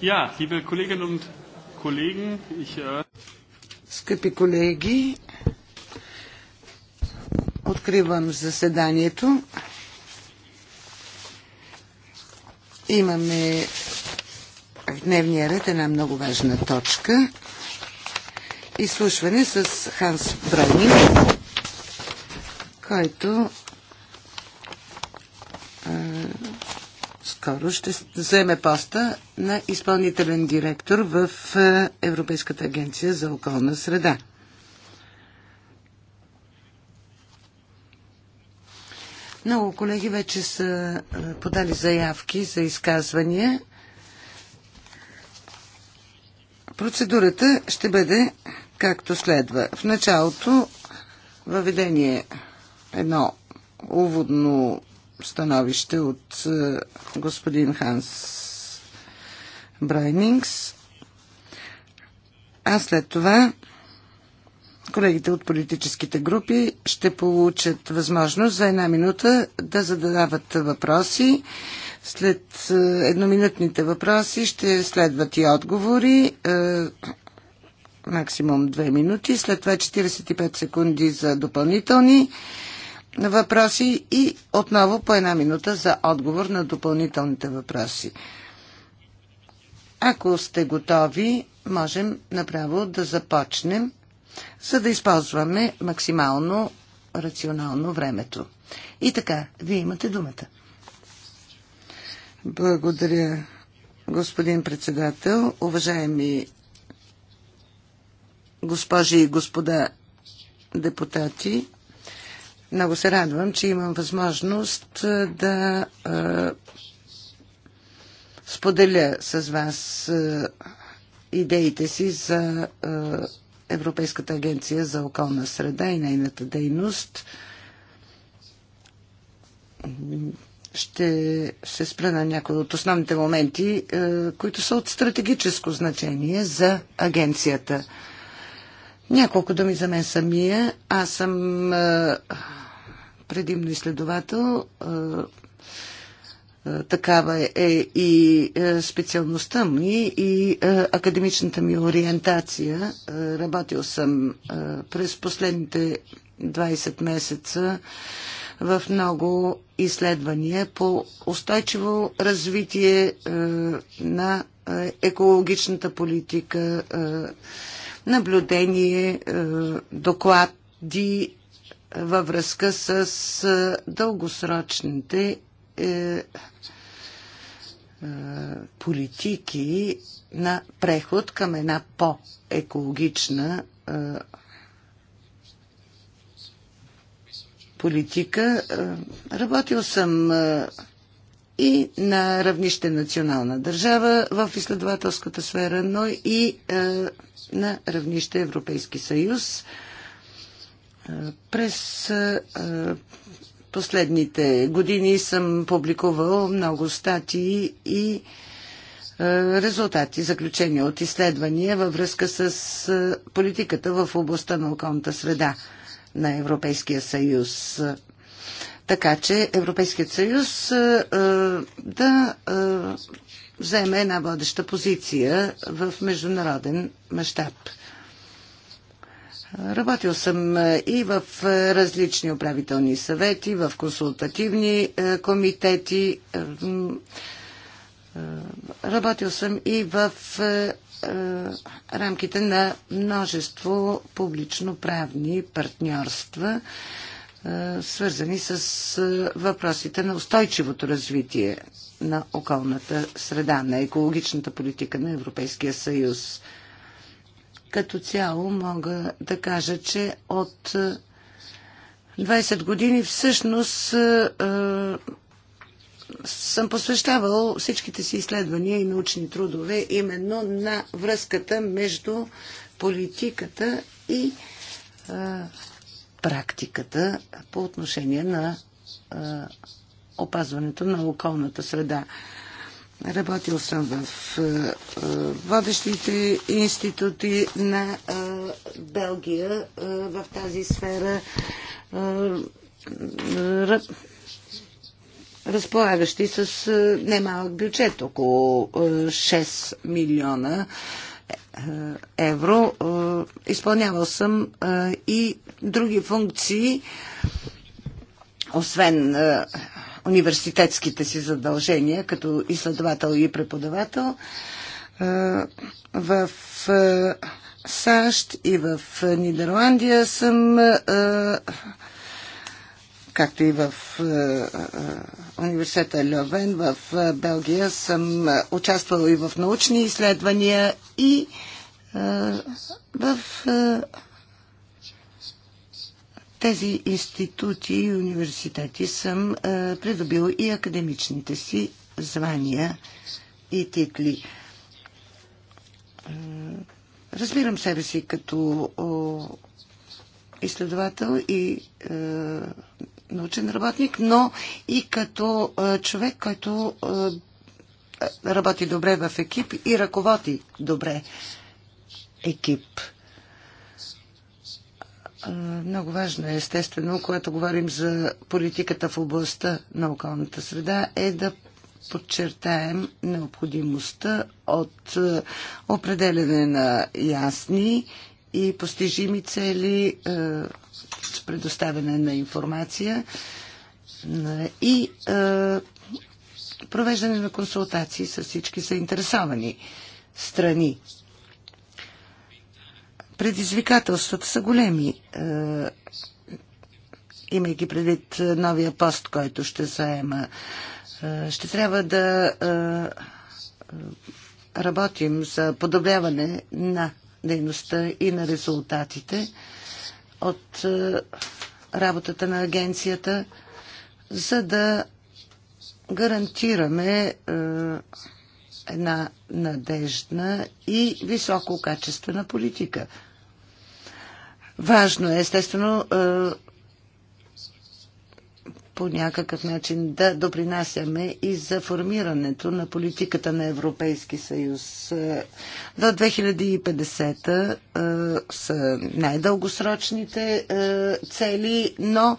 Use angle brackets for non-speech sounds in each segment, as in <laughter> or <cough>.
Ja, liebe Kolleginnen und Kollegen, ich... Äh, Скъпи колеги, откривам заседанието. Имаме в дневния ред една много важна точка. Изслушване с Ханс Бройнинг, който скоро ще заеме поста на изпълнителен директор в е, Европейската агенция за околна среда. Много колеги вече са е, подали заявки за изказвания. Процедурата ще бъде както следва. В началото въведение едно уводно становище от е, господин Ханс Брайнингс. А след това колегите от политическите групи ще получат възможност за една минута да задават въпроси. След е, едноминутните въпроси ще следват и отговори е, максимум 2 минути, след това 45 секунди за допълнителни въпроси и отново по една минута за отговор на допълнителните въпроси. Ако сте готови, можем направо да започнем, за да използваме максимално рационално времето. И така, вие имате думата. Благодаря, господин председател, уважаеми госпожи и господа депутати. Много се радвам, че имам възможност е, да е, споделя с вас е, идеите си за Европейската агенция за околна среда и нейната дейност. Ще се спра на някои от основните моменти, които са от стратегическо значение за агенцията. Няколко думи за мен самия. Аз съм предимно изследовател. Такава е и специалността ми и академичната ми ориентация. Работил съм през последните 20 месеца в много изследвания по устойчиво развитие на екологичната политика, наблюдение, доклади във връзка с дългосрочните е, е, политики на преход към една по-екологична е, политика. Работил съм и на равнище национална държава в изследователската сфера, но и на равнище Европейски съюз. През последните години съм публикувал много статии и резултати, заключения от изследвания във връзка с политиката в областта на околната среда на Европейския съюз. Така че Европейският съюз да вземе една водеща позиция в международен мащаб. Работил съм е, и в е, различни управителни съвети, в консултативни е, комитети. Работил съм и в рамките на множество публично-правни партньорства, свързани с въпросите на устойчивото развитие на околната среда, на екологичната политика на Европейския съюз. Като цяло мога да кажа, че от 20 е, години всъщност е, е, съм посвещавал всичките си изследвания и научни трудове именно на връзката между политиката и практиката по отношение на опазването на околната среда. Работил съм в е, е, водещите институти на е, Белгия в тази сфера, разполагащи с немалък бюджет, около 6 милиона евро. Изпълнявал съм и други функции, освен университетските си задължения като изследовател и преподавател. В САЩ и в Нидерландия съм, както и в университета Льовен, в Белгия съм участвала и в научни изследвания и в тези институти и университети съм е, придобил и академичните си звания и титли. Е, разбирам себе си като изследовател и е, научен работник, но и като е, човек, който е, работи добре в екип и ръководи добре екип. Много важно е, естествено, когато говорим за политиката в областта на околната среда, е да подчертаем необходимостта от определене на ясни и постижими цели с предоставяне на информация и провеждане на консултации с всички заинтересовани страни Предизвикателствата са големи, е, имайки предвид е, новия пост, който ще заема. Е, ще трябва да работим за подобряване на дейността и на резултатите от работата на агенцията, за да гарантираме една надеждна и високо качествена политика – Важно е, естествено, е, по някакъв начин да допринасяме и за формирането на политиката на Европейски съюз. Е, до 2050 е, са най-дългосрочните цели, но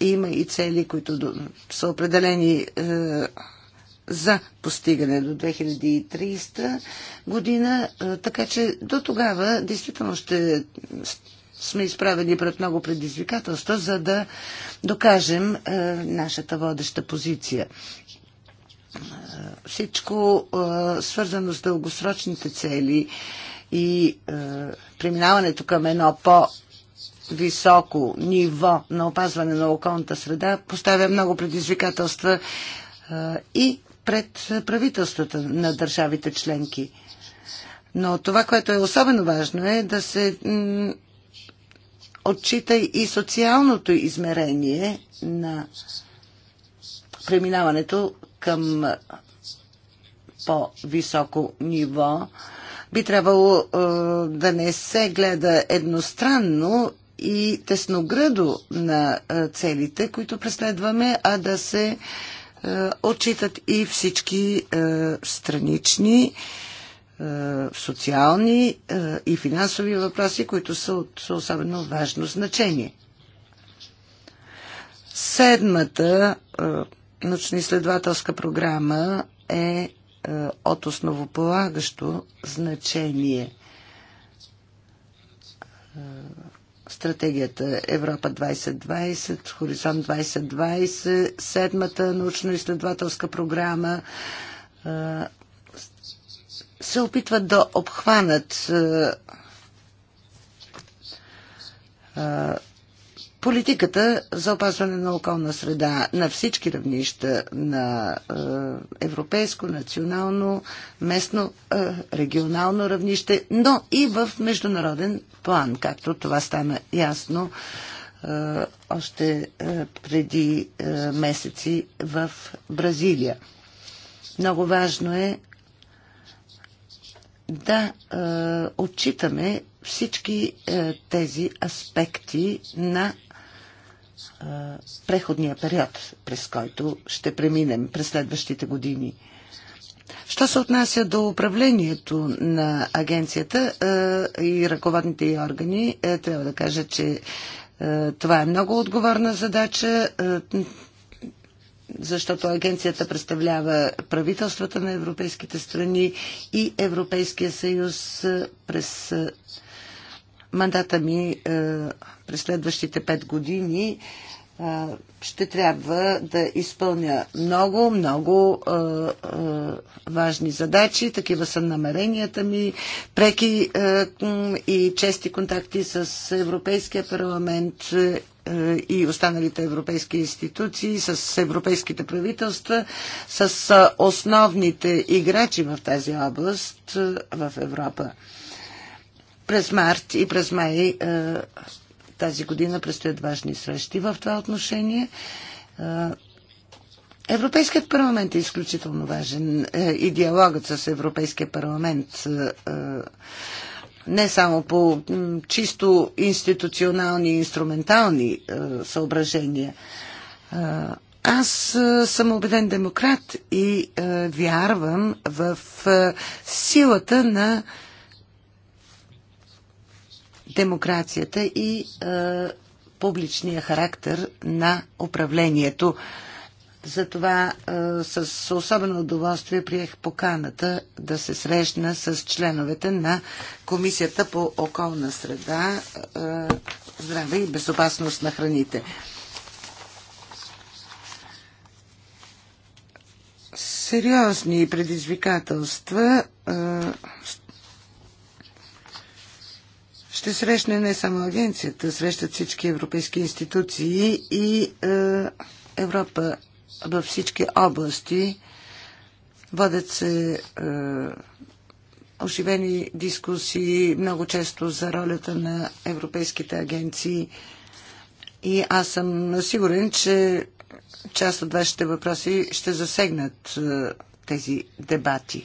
има и цели, които са определени за постигане до 2030 година, така че до тогава действително ще сме изправени пред много предизвикателства, за да докажем нашата водеща позиция. всичко свързано с дългосрочните цели и преминаването към едно по високо ниво на опазване на околната среда поставя много предизвикателства и пред правителствата на държавите членки. Но това, което е особено важно е да се отчита и социалното измерение на преминаването към по-високо ниво. Би трябвало е, да не се гледа едностранно и тесногръдо на е, целите, които преследваме, а да се е, отчитат и всички е, странични е, социални и финансови въпроси, които са от особено важно значение. Седмата научно-изследователска програма е от основополагащо значение стратегията Европа 2020, Хоризонт 2020, седмата научно-изследователска програма се опитват да обхванат Политиката за опазване на околна среда на всички равнища на е, европейско, национално, местно, е, регионално равнище, но и в международен план, както това стана ясно е, още преди месеци в Бразилия. Много важно е да е, отчитаме всички е, тези аспекти на преходния период, през който ще преминем през следващите години. Що се отнася до управлението на агенцията и ръководните й органи, трябва да кажа, че това е много отговорна задача, защото агенцията представлява правителствата на европейските страни и Европейския съюз през мандата ми е, през следващите пет години е, ще трябва да изпълня много, много е, е, важни задачи. Такива са намеренията ми. Преки е, и чести контакти с Европейския парламент е, и останалите европейски институции, с европейските правителства, с основните играчи в тази област в Европа. През март и през май е, тази година предстоят важни срещи в това отношение. Е, Европейският парламент е изключително важен е, и диалогът с Европейския парламент не само по чисто институционални и инструментални съображения. Аз съм убеден демократ и вярвам в силата на демокрацията и публичния характер на управлението. Затова с особено удоволствие приех поканата да се срещна с членовете на Комисията по околна среда, здраве и безопасност на храните. Сериозни предизвикателства ще срещне не само агенцията, срещат всички европейски институции и е, Европа във всички области. Водят се е, оживени дискусии много често за ролята на европейските агенции. И аз съм сигурен, че част от вашите въпроси ще засегнат е, тези дебати.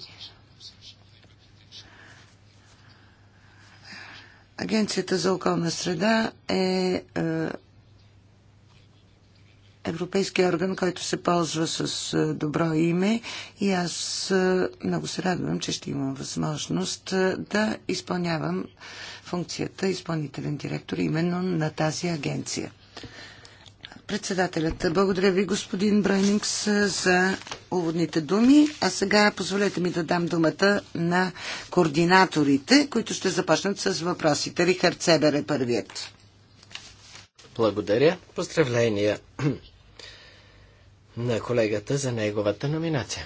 Агенцията за околна среда е, е европейски орган, който се ползва с е, добро име и аз е, много се радвам, че ще имам възможност да изпълнявам функцията изпълнителен директор именно на тази агенция. Председателят, благодаря ви, господин Бройникс за уводните думи. А сега позволете ми да дам думата на координаторите, които ще започнат с въпросите. Рихард Себер е първият. Благодаря. Поздравления на колегата за неговата номинация.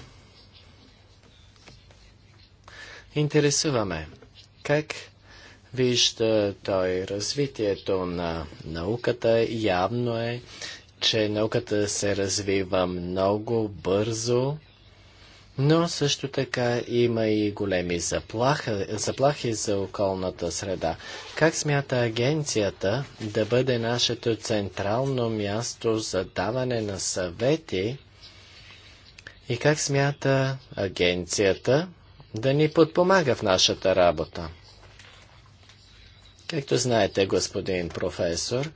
Интересуваме как вижда той развитието на науката. Явно е, че науката се развива много бързо, но също така има и големи заплаха, заплахи за околната среда. Как смята агенцията да бъде нашето централно място за даване на съвети и как смята агенцията да ни подпомага в нашата работа? Както знаете, господин професор,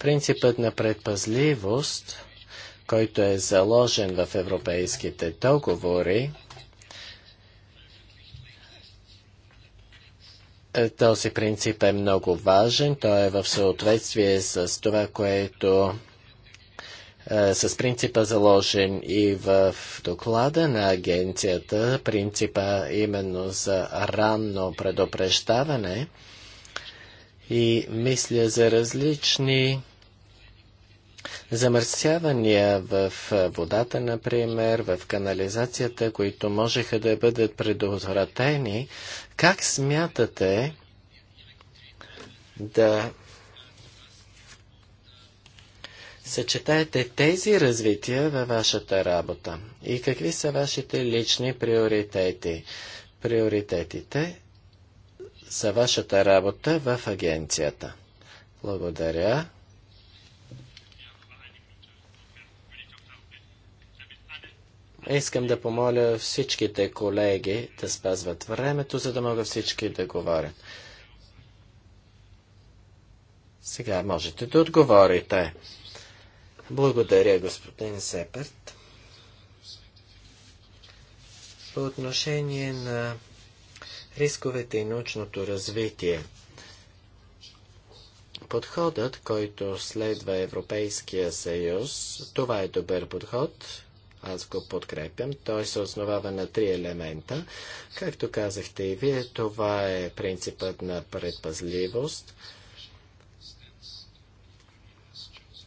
принципът на предпазливост, който е заложен в европейските договори, е, този принцип е много важен. Той е в съответствие с това, което е, с принципа заложен и в доклада на агенцията, принципа именно за ранно предупреждаване – и мисля за различни замърсявания в водата, например, в канализацията, които можеха да бъдат предотвратени. Как смятате да съчетаете тези развития във вашата работа? И какви са вашите лични приоритети? Приоритетите за вашата работа в агенцията. Благодаря. Искам да помоля всичките колеги да спазват времето, за да мога всички да говорят. Сега можете да отговорите. Благодаря, господин Сеперт. По отношение на рисковете и научното развитие. Подходът, който следва Европейския съюз, това е добър подход. Аз го подкрепям. Той се основава на три елемента. Както казахте и вие, това е принципът на предпазливост.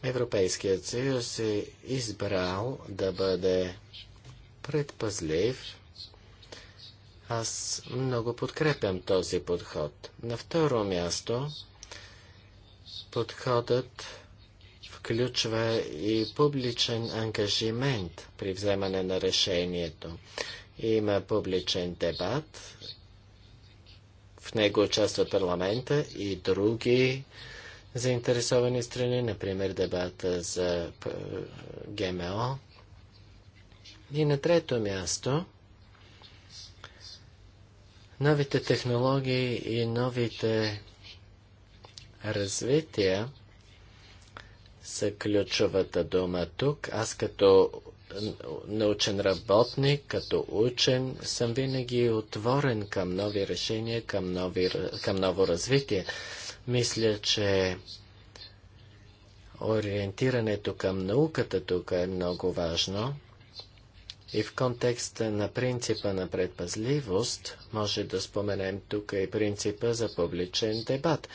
Европейският съюз е избрал да бъде предпазлив аз много подкрепям този подход. На второ място, подходът включва и публичен ангажимент при вземане на решението. Има публичен дебат, в него участва парламента и други заинтересовани страни, например дебата за ГМО. И на трето място – Новите технологии и новите развития са ключовата дума тук. Аз като научен работник, като учен, съм винаги отворен към нови решения, към, нови, към ново развитие. Мисля, че ориентирането към науката тук е много важно. И в контекста на принципа на предпазливост може да споменем тук и принципа за публичен дебат.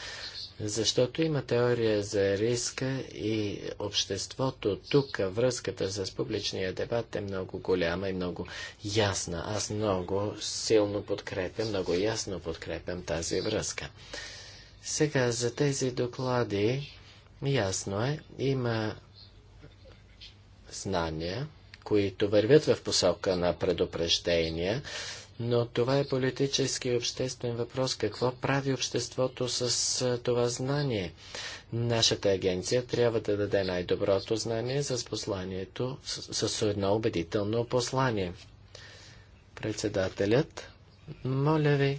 Защото има теория за риска и обществото тук, връзката с публичния дебат е много голяма и много ясна. Аз много силно подкрепям, много ясно подкрепям тази връзка. Сега за тези доклади ясно е, има знания, които вървят в посока на предупреждения, но това е политически и обществен въпрос. Какво прави обществото с това знание? Нашата агенция трябва да даде най-доброто знание с посланието, с, с едно убедително послание. Председателят, моля ви,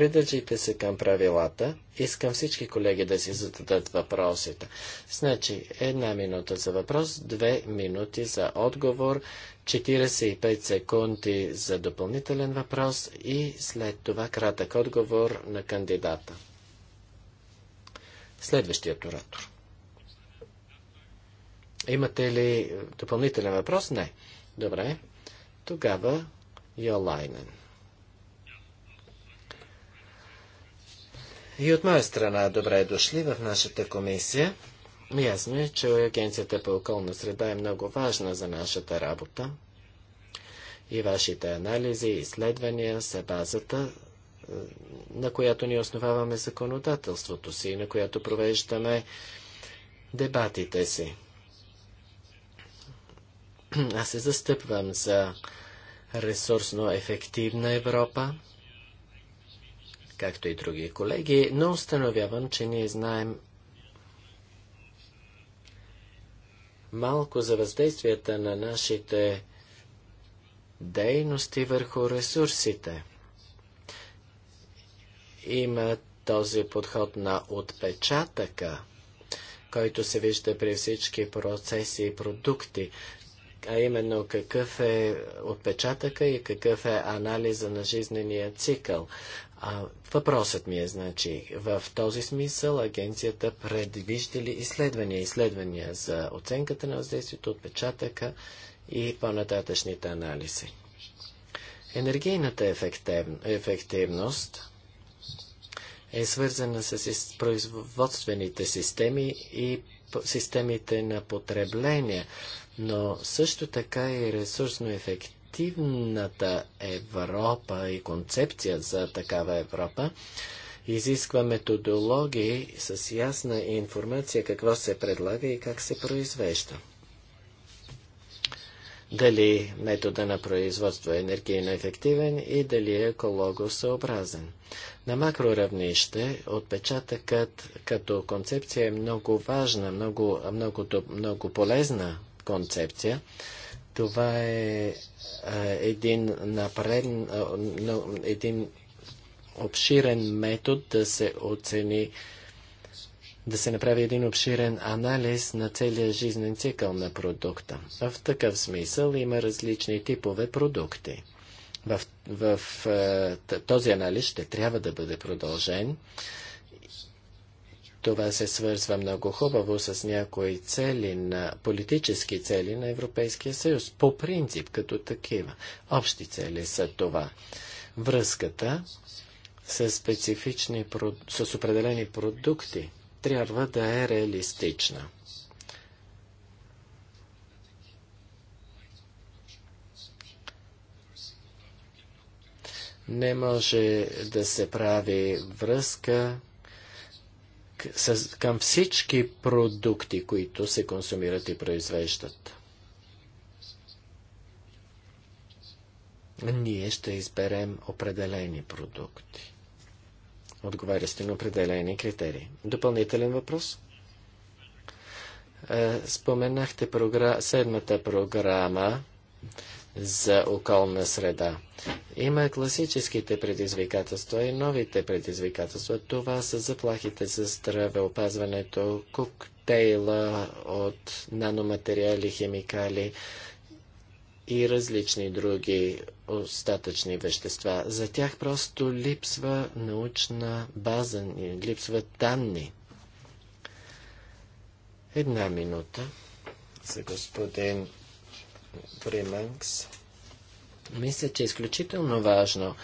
Придържайте се към правилата. Искам всички колеги да си зададат въпросите. Значи, една минута за въпрос, две минути за отговор, 45 секунди за допълнителен въпрос и след това кратък отговор на кандидата. Следващият оратор. Имате ли допълнителен въпрос? Не. Добре. Тогава Йолайнен. И от моя страна, добре дошли в нашата комисия. Ясно е, че Агенцията по околна среда е много важна за нашата работа. И вашите анализи и изследвания са базата, е, на която ни основаваме законодателството си и на която провеждаме дебатите си. Аз се застъпвам за ресурсно ефективна Европа, както и други колеги, но установявам, че ние знаем малко за въздействията на нашите дейности върху ресурсите. Има този подход на отпечатъка, който се вижда при всички процеси и продукти, а именно какъв е отпечатъка и какъв е анализа на жизнения цикъл. А, въпросът ми е, значи, в този смисъл агенцията предвижда ли изследвания, изследвания за оценката на въздействието, отпечатъка и по-нататъчните анализи. Енергийната ефективност е свързана с производствените системи и системите на потребление, но също така и е ресурсно ефективност иновативната Европа и концепция за такава Европа изисква методологии с ясна информация какво се предлага и как се произвежда. Дали метода на производство е енергийно ефективен и дали е екологосъобразен. На макроравнище отпечатъкът като концепция е много важна, много, много, много полезна концепция, това е един, напред, един обширен метод да се оцени, да се направи един обширен анализ на целия жизнен цикъл на продукта. В такъв смисъл има различни типове продукти. В, в този анализ ще трябва да бъде продължен това се свързва много хубаво с някои цели на политически цели на Европейския съюз, по принцип като такива. Общи цели са това. Връзката с, специфични, с определени продукти трябва да е реалистична. Не може да се прави връзка с, към всички продукти, които се консумират и произвеждат. Ние ще изберем определени продукти, отговарящи на определени критерии. Допълнителен въпрос? Е, споменахте програ... седмата програма за околна среда. Има класическите предизвикателства и новите предизвикателства. Това са заплахите за здравеопазването, коктейла от наноматериали, химикали и различни други остатъчни вещества. За тях просто липсва научна база, липсват данни. Една минута за господин Фриманкс. Мисля, че е изключително важно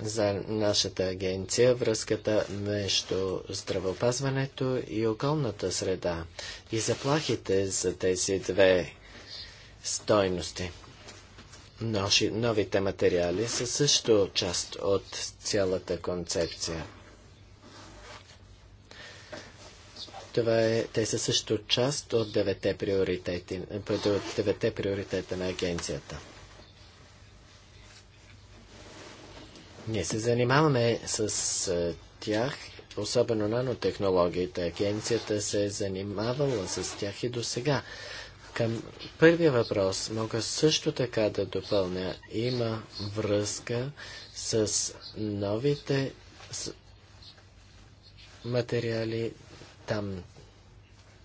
за нашата агенция връзката между здравеопазването и околната среда и заплахите за тези две стойности. Новите материали са също част от цялата концепция. това е, те са също част от девете, приоритети, от девете приоритета на агенцията. Ние се занимаваме с е, тях, особено нанотехнологията. Агенцията се е занимавала с тях и до сега. Към първия въпрос мога също така да допълня. Има връзка с новите материали, там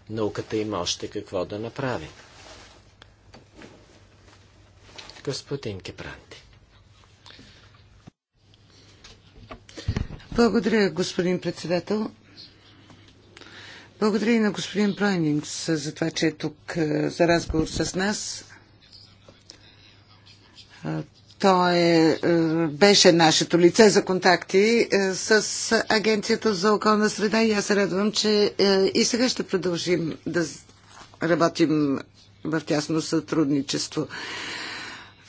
науката има още какво да направи. Господин Кепранти. Благодаря, господин председател. Благодаря и на господин Бройнингс за това, че е тук за разговор с нас. Той е, е, беше нашето лице за контакти е, с Агенцията за околна среда и аз се радвам, че е, и сега ще продължим да работим в тясно сътрудничество.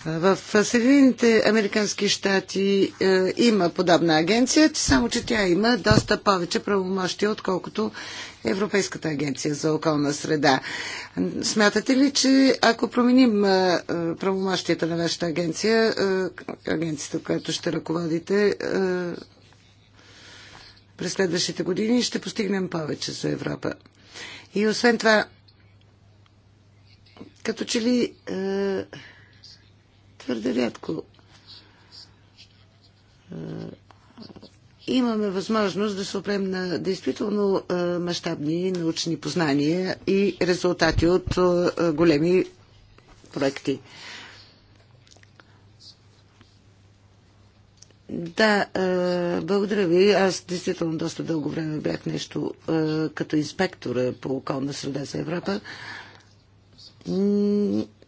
В Съединените Американски щати има подобна агенция, само че тя има доста повече правомощия, отколкото Европейската агенция за околна среда. Смятате ли, че ако променим правомощията на вашата агенция, агенцията, която ще ръководите през следващите години, ще постигнем повече за Европа? И освен това, като че ли твърде рядко имаме възможност да се опрем на действително мащабни научни познания и резултати от големи проекти. Да, благодаря ви. Аз действително доста дълго време бях нещо като инспектора по околна среда за Европа.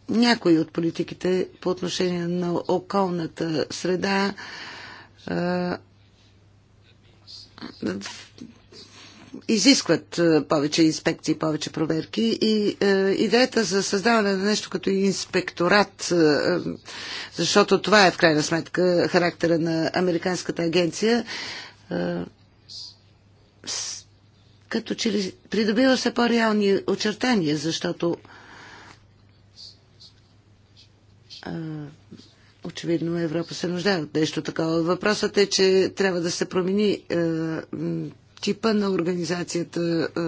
Някои от политиките по отношение на околната среда изискват е, повече инспекции, повече проверки и е, идеята за създаване на нещо като инспекторат, е, е, защото това е в крайна сметка характера на Американската агенция, е, с, като че ли придобива се по-реални очертания, защото е, Очевидно Европа се нуждае от нещо такова. Въпросът е, че трябва да се промени е, типа на организацията. Е,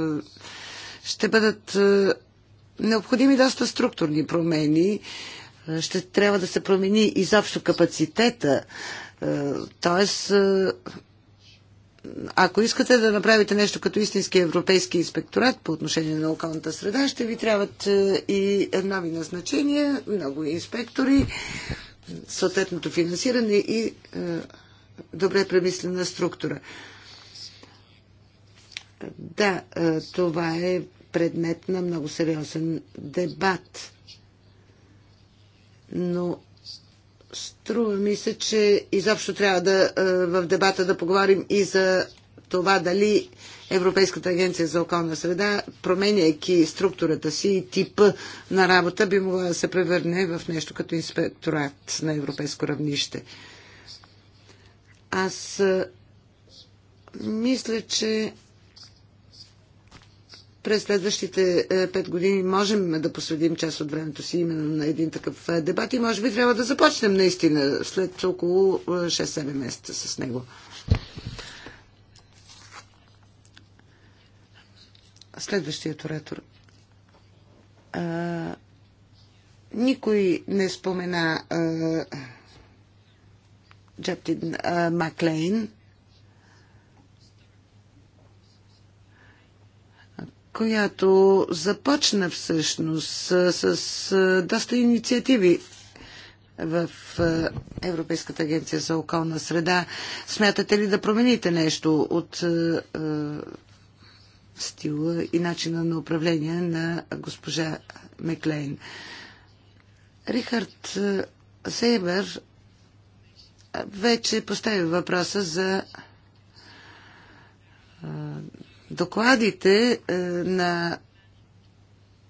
ще бъдат е, необходими доста структурни промени. Е, ще трябва да се промени изобщо капацитета. Е, тоест, е, ако искате да направите нещо като истински европейски инспекторат по отношение на околната среда, ще ви трябват е, и нови назначения, много инспектори съответното финансиране и е, добре премислена структура. Да, е, това е предмет на много сериозен дебат. Но струва ми се, че изобщо трябва да е, в дебата да поговорим и за това дали Европейската агенция за околна среда, променяйки структурата си и типа на работа, би могла да се превърне в нещо като инспекторат на европейско равнище. Аз мисля, че през следващите пет години можем да посветим част от времето си именно на един такъв дебат и може би трябва да започнем наистина след около 6-7 месеца с него. Следващият оратор. А, никой не спомена а, а, Маклейн, която започна всъщност с, с, с доста инициативи в Европейската агенция за околна среда. Смятате ли да промените нещо от стила и начина на управление на госпожа Меклейн. Рихард Сейбер вече постави въпроса за докладите на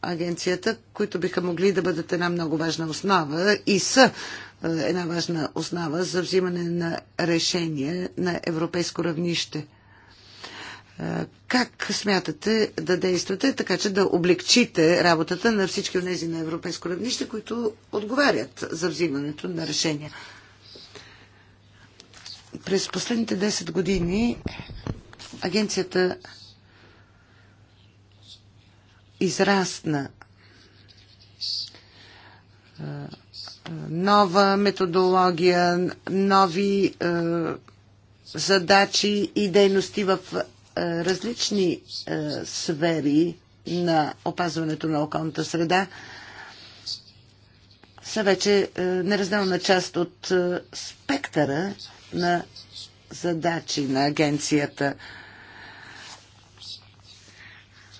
агенцията, които биха могли да бъдат една много важна основа и са една важна основа за взимане на решение на европейско равнище – как смятате да действате, така че да облегчите работата на всички от тези на европейско равнище, които отговарят за взимането на решения? През последните 10 години агенцията израсна нова методология, нови задачи и дейности в е, различни е, сфери на опазването на околната среда са вече е, неразделна част от спектъра на задачи на агенцията.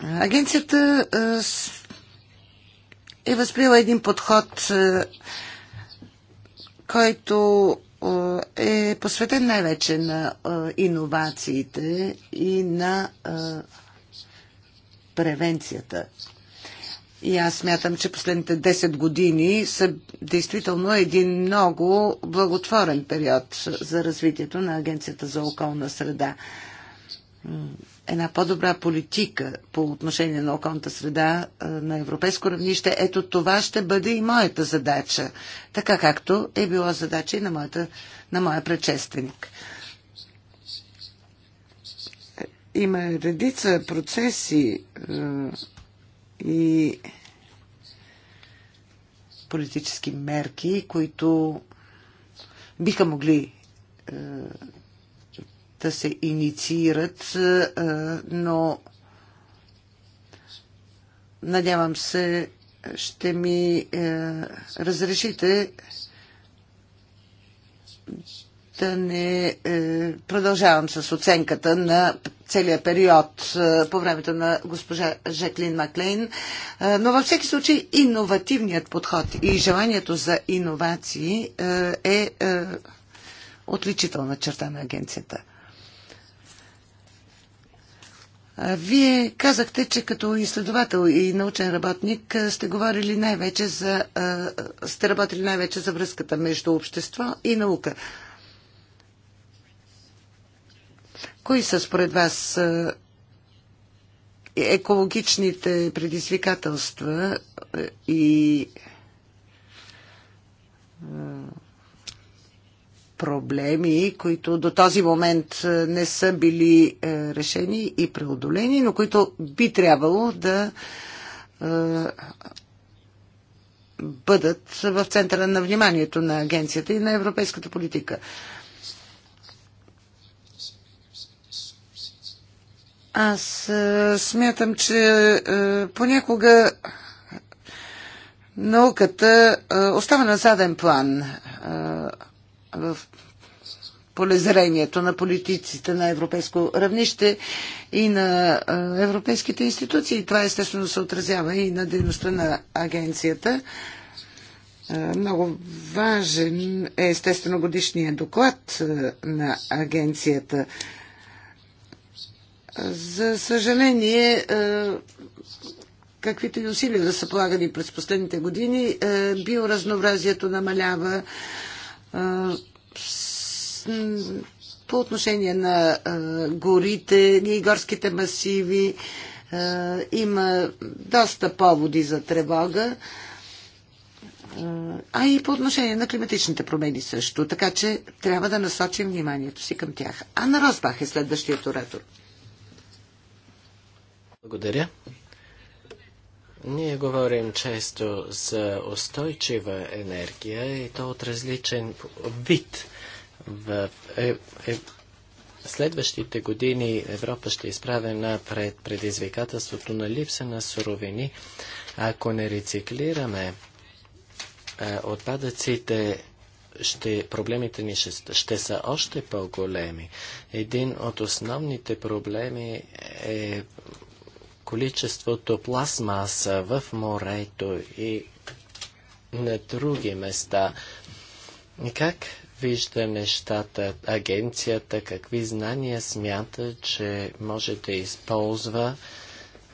Агенцията е възприела един подход, който е, е посветен най-вече на е, иновациите и на е, превенцията. И аз смятам, че последните 10 години са действително един много благотворен период за развитието на Агенцията за околна среда една по-добра политика по отношение на околната среда на европейско равнище. Ето това ще бъде и моята задача, така както е била задача и на, моята, на моя предшественик. Има редица процеси и политически мерки, които биха могли да се инициират, е, е, но надявам се, ще ми е, разрешите да не продължавам с оценката на целия период по времето на госпожа Жаклин Маклейн. Но във всеки случай иновативният подход и желанието за иновации е отличителна черта на агенцията. Вие казахте, че като изследовател и научен работник сте говорили най-вече за, сте работили най-вече за връзката между общество и наука. Кои са според вас екологичните предизвикателства и проблеми, които до този момент е, не са били е, решени и преодолени, но които би трябвало да е, бъдат в центъра на вниманието на агенцията и на европейската политика. Аз смятам, че понякога науката остава на заден план в полезрението на политиците на европейско равнище и на европейските институции. Това естествено се отразява и на дейността на агенцията. Много важен е естествено годишният доклад на агенцията. За съжаление, каквито и усилия да са полагани през последните години, биоразнообразието намалява, по отношение на горите и горските масиви има доста поводи за тревога, а и по отношение на климатичните промени също. Така че трябва да насочим вниманието си към тях. Анна Росбах е следващият оратор. Благодаря. Ние говорим често за устойчива енергия и то от различен вид. В е, е, следващите години Европа ще е изправя пред предизвикателството на липса на суровини. Ако не рециклираме е, отпадъците, ще, проблемите ни ще, ще са още по-големи. Един от основните проблеми е количеството пластмаса в морето и на други места. Как вижда нещата агенцията, какви знания смята, че може да използва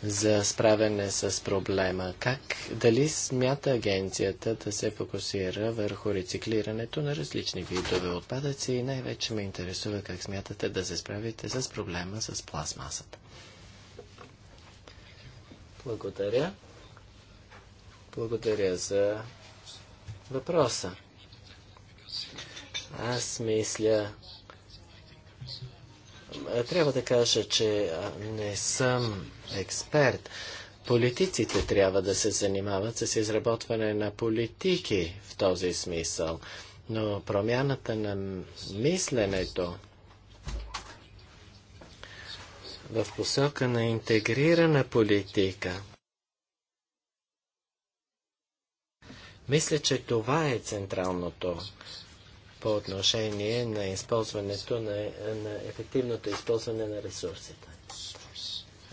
за справяне с проблема? Как, дали смята агенцията да се фокусира върху рециклирането на различни видове отпадъци и най-вече ме интересува как смятате да се справите с проблема с пластмасата? Благодаря. Благодаря за въпроса. Аз мисля, трябва да кажа, че не съм експерт. Политиците трябва да се занимават с изработване на политики в този смисъл. Но промяната на мисленето в посока на интегрирана политика. Мисля, че това е централното по отношение на използването на, на ефективното използване на ресурсите.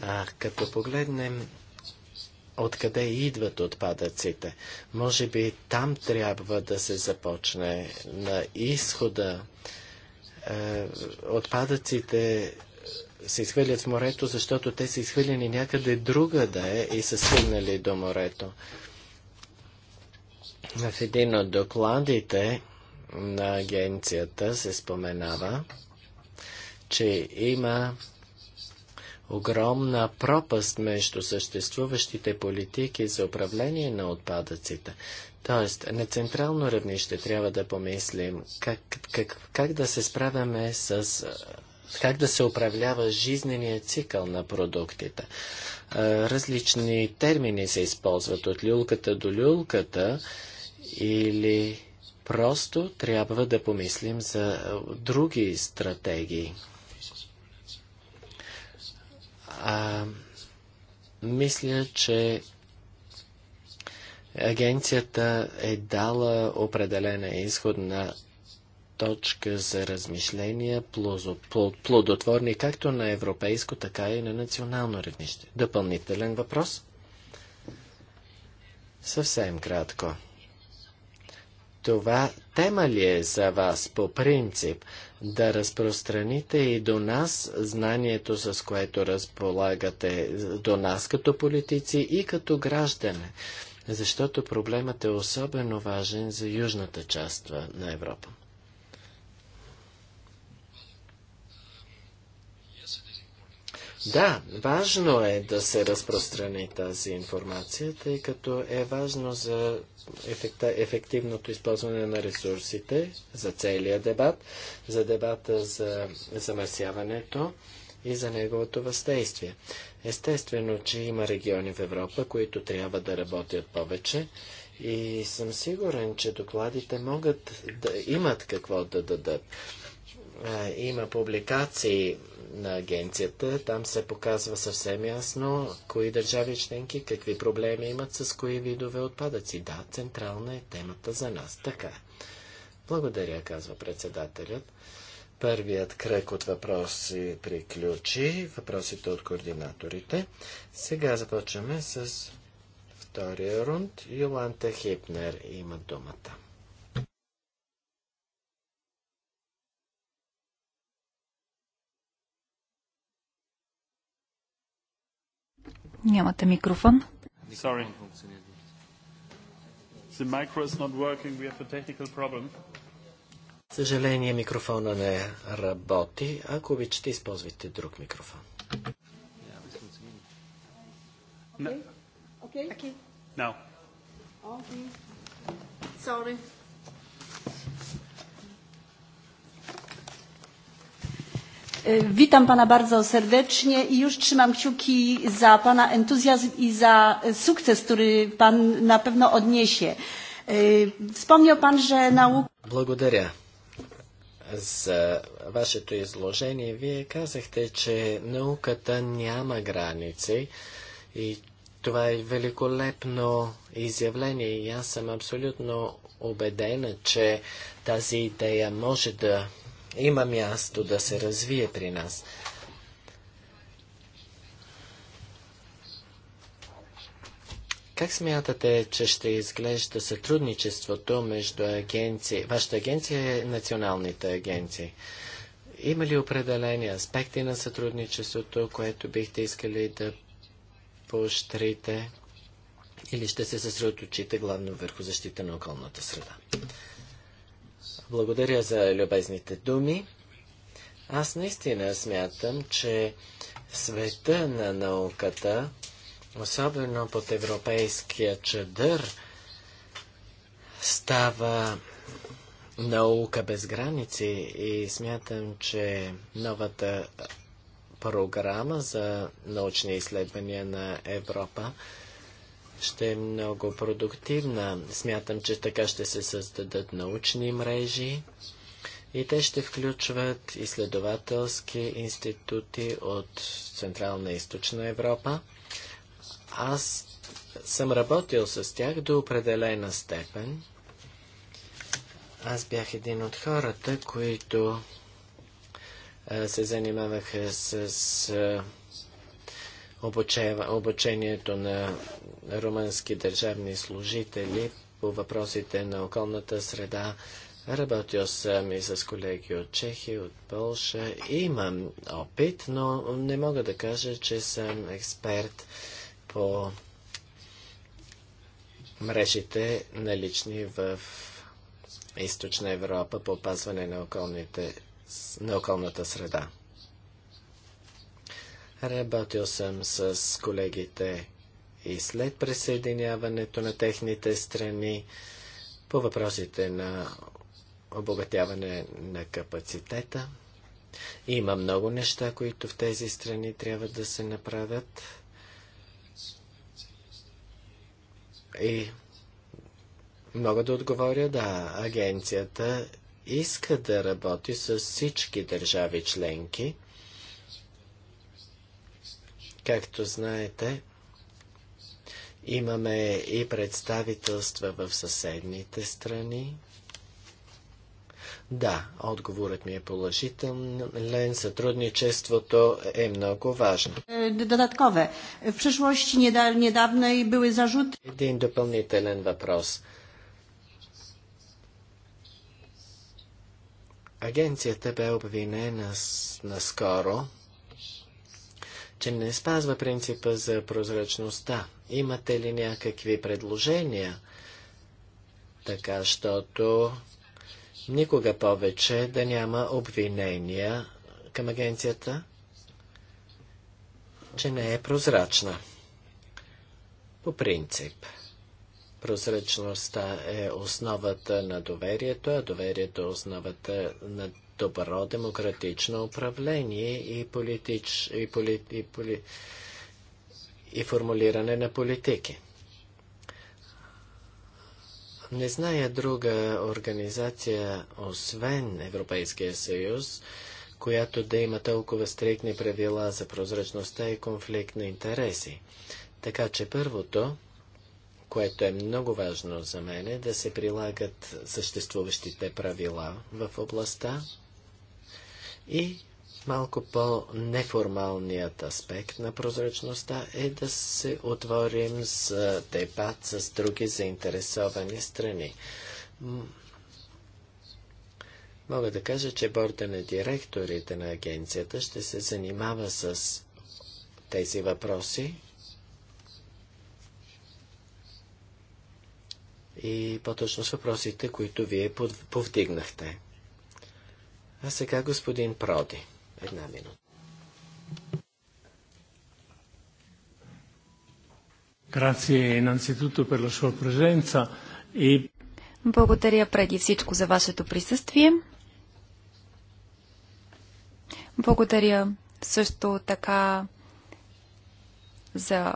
А като погледнем откъде идват отпадъците, може би там трябва да се започне на изхода. Е, отпадъците се изхвърлят в морето, защото те са изхвърлени някъде друга да е и са стигнали до морето. В един от докладите на агенцията се споменава, че има огромна пропаст между съществуващите политики за управление на отпадъците. Тоест, на централно равнище трябва да помислим как, как, как да се справяме с как да се управлява жизненият цикъл на продуктите. Различни термини се използват от люлката до люлката или просто трябва да помислим за други стратегии. А, мисля, че агенцията е дала определена изходна точка за размишления, плодотворни както на европейско, така и на национално равнище. Допълнителен въпрос? Съвсем кратко. Това тема ли е за вас по принцип да разпространите и до нас знанието, с което разполагате до нас като политици и като граждане? Защото проблемът е особено важен за южната част на Европа. Да, важно е да се разпространи тази информация, тъй като е важно за ефекта, ефективното използване на ресурсите, за целия дебат, за дебата за замърсяването и за неговото въздействие. Естествено, че има региони в Европа, които трябва да работят повече и съм сигурен, че докладите могат да имат какво да дадат има публикации на агенцията. Там се показва съвсем ясно кои държави членки, какви проблеми имат с кои видове отпадъци. Да, централна е темата за нас. Така. Благодаря, казва председателят. Първият кръг от въпроси приключи. Въпросите от координаторите. Сега започваме с втория рунд. Йоланта Хипнер има думата. Нямате микрофон. Съжаление, микрофона не работи. Ако обичате, използвайте друг микрофон. Okay. Okay. Okay. Now. Okay. Sorry. E, witam Pana bardzo serdecznie i już trzymam kciuki za Pana entuzjazm i za sukces, który Pan na pewno odniesie. E, wspomniał Pan, że nauka... Благодаря за Вашето изложение. Вие казахте, че науката няма граници и това е великолепно изявление и аз съм абсолютно убедена, че тази идея може да има място да се развие при нас. Как смятате, че ще изглежда сътрудничеството между агенции, вашата агенция е националните агенции? Има ли определени аспекти на сътрудничеството, което бихте искали да поощрите? Или ще се съсредоточите главно върху защита на околната среда? Благодаря за любезните думи. Аз наистина смятам, че света на науката, особено под европейския чадър, става наука без граници и смятам, че новата програма за научни изследвания на Европа ще е много продуктивна. Смятам, че така ще се създадат научни мрежи и те ще включват изследователски институти от Централна и Източна Европа. Аз съм работил с тях до определена степен. Аз бях един от хората, които се занимаваха с обучението на румънски държавни служители по въпросите на околната среда. Работил съм и с колеги от Чехия, от Полша. Имам опит, но не мога да кажа, че съм експерт по мрежите налични в източна Европа по опазване на, околните, на околната среда. Работил съм с колегите и след присъединяването на техните страни по въпросите на обогатяване на капацитета. Има много неща, които в тези страни трябва да се направят. И мога да отговоря, да, агенцията иска да работи с всички държави членки Както знаете, имаме и представителства в съседните страни. Да, отговорът ми е положителен. Сътрудничеството е много важно. Е, додаткове. В прошлости недавно и były зажут. Един допълнителен въпрос. Агенцията бе обвинена наскоро че не спазва принципа за прозрачността. Имате ли някакви предложения, така щото никога повече да няма обвинения към агенцията, че не е прозрачна? По принцип. Прозрачността е основата на доверието, а доверието е основата на добро демократично управление и, политич, и, поли, и, поли, и формулиране на политики. Не зная друга организация, освен Европейския съюз, която да има толкова стрикни правила за прозрачността и конфликт на интереси. Така че първото, което е много важно за мен, е да се прилагат съществуващите правила в областта и малко по-неформалният аспект на прозрачността е да се отворим с дебат с други заинтересовани страни. Мога да кажа, че борда на директорите на агенцията ще се занимава с тези въпроси и по-точно с въпросите, които вие повдигнахте. А сега господин Проди. Една минута. Grazie innanzitutto per la sua presenza e благодаря преди всичко за вашето присъствие. Благодаря също така за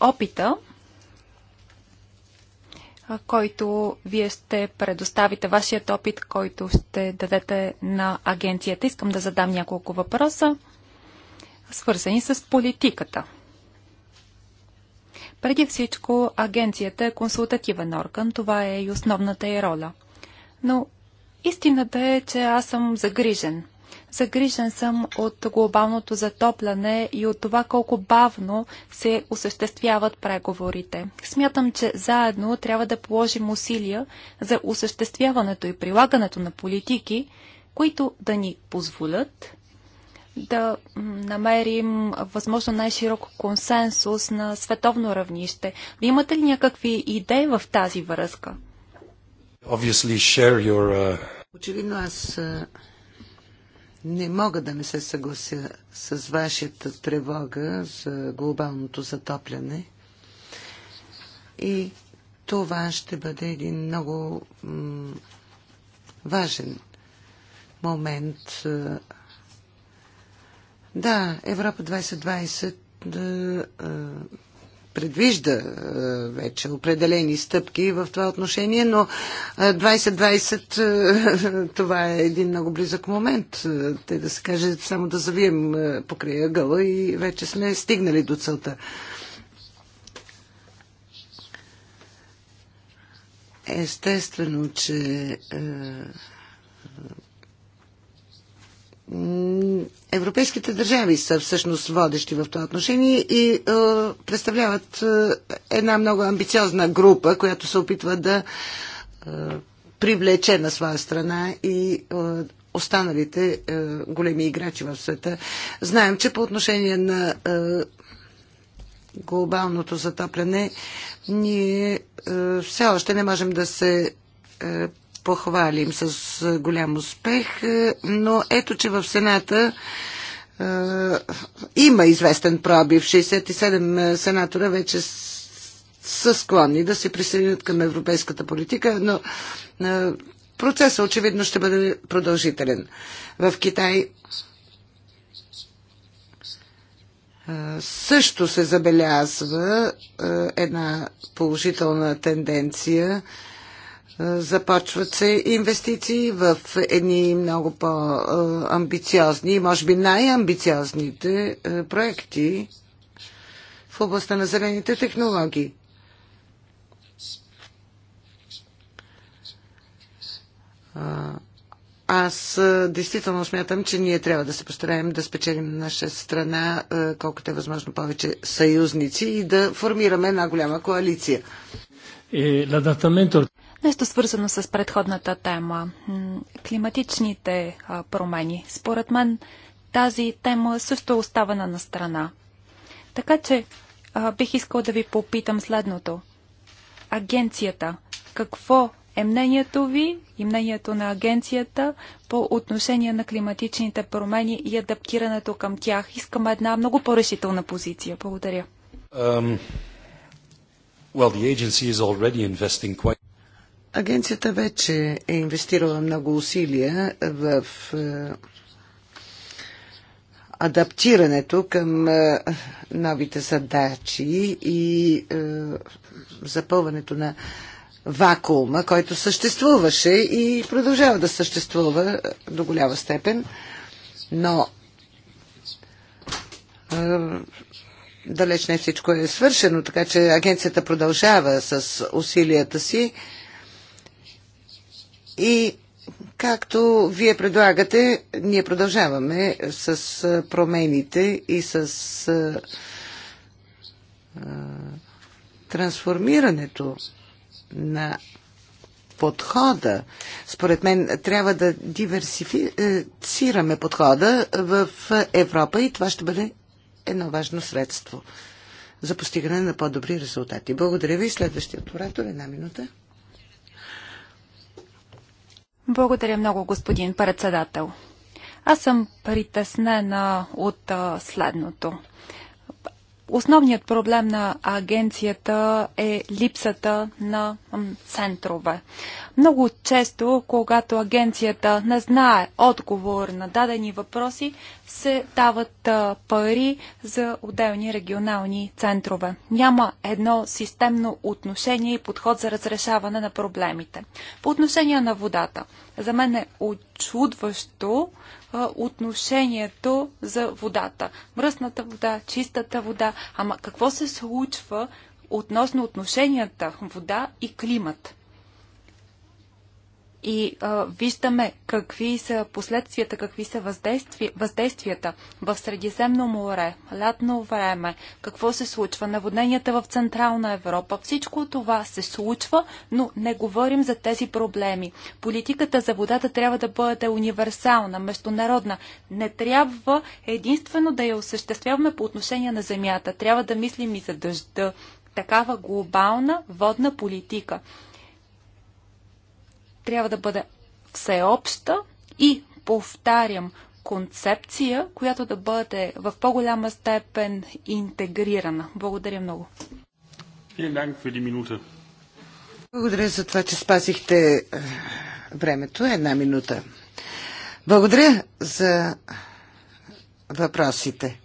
опита, който вие ще предоставите, вашият опит, който ще дадете на агенцията. Искам да задам няколко въпроса, свързани с политиката. Преди всичко, агенцията е консултативен орган, това е и основната й роля. Но истината е, че аз съм загрижен – Загрижен съм от глобалното затопляне и от това колко бавно се осъществяват преговорите. Смятам, че заедно трябва да положим усилия за осъществяването и прилагането на политики, които да ни позволят да намерим възможно най-широк консенсус на световно равнище. Вие имате ли някакви идеи в тази връзка? Uh, Очевидно аз не мога да не се съглася с вашата тревога за глобалното затопляне. И това ще бъде един много важен момент. Да, Европа 2020 да, предвижда е, вече определени стъпки в това отношение, но 2020 е, е, <laughs> това е един много близък момент. Те да се каже само да завием покрай ъгъла и вече сме стигнали до целта. Естествено, че Европейските държави са всъщност водещи в това отношение и е, представляват е, една много амбициозна група, която се опитва да е, привлече на своя страна и е, останалите е, големи играчи в света. Знаем, че по отношение на е, глобалното затопляне, ние е, все още не можем да се е, похвалим с голям успех, е, но ето, че в Сената е, има известен пробив. 67 е, сенатора вече са склонни да се присъединят към европейската политика, но е, процесът очевидно ще бъде продължителен. В Китай е, също се забелязва една положителна тенденция. Започват се инвестиции в едни много по-амбициозни, може би най-амбициозните е, проекти в областта на зелените технологии. Аз е, действително смятам, че ние трябва да се постараем да спечелим на наша страна е, колкото е възможно повече съюзници и да формираме една голяма коалиция. L'adattamento Нещо свързано с предходната тема. Климатичните промени. Според мен тази тема също е оставена на страна. Така че бих искал да ви попитам следното. Агенцията. Какво е мнението ви и мнението на агенцията по отношение на климатичните промени и адаптирането към тях. Искаме една много по-решителна позиция. Благодаря. Um, well, quite... Агенцията вече е инвестирала много усилия в е, адаптирането към е, новите задачи и е, запълването на вакуума, който съществуваше и продължава да съществува до голяма степен, но далеч не всичко е свършено, така че агенцията продължава с усилията си и както вие предлагате, ние продължаваме с промените и с трансформирането на подхода. Според мен трябва да диверсифицираме подхода в Европа и това ще бъде едно важно средство за постигане на по-добри резултати. Благодаря ви. Следващият оратор, една минута. Благодаря много, господин председател. Аз съм притеснена от следното. Основният проблем на агенцията е липсата на центрове. Много често, когато агенцията не знае отговор на дадени въпроси, се дават пари за отделни регионални центрове. Няма едно системно отношение и подход за разрешаване на проблемите. По отношение на водата. За мен е очудващо а, отношението за водата. Мръсната вода, чистата вода. Ама какво се случва относно отношенията вода и климат? и а, виждаме какви са последствията, какви са въздействи, въздействията в Средиземно море, лятно време, какво се случва, наводненията в Централна Европа. Всичко това се случва, но не говорим за тези проблеми. Политиката за водата трябва да бъде универсална, международна. Не трябва единствено да я осъществяваме по отношение на земята. Трябва да мислим и за дъжда. Такава глобална водна политика трябва да бъде всеобща и, повтарям, концепция, която да бъде в по-голяма степен интегрирана. Благодаря много. Благодаря за това, че спасихте е, времето. Една минута. Благодаря за въпросите.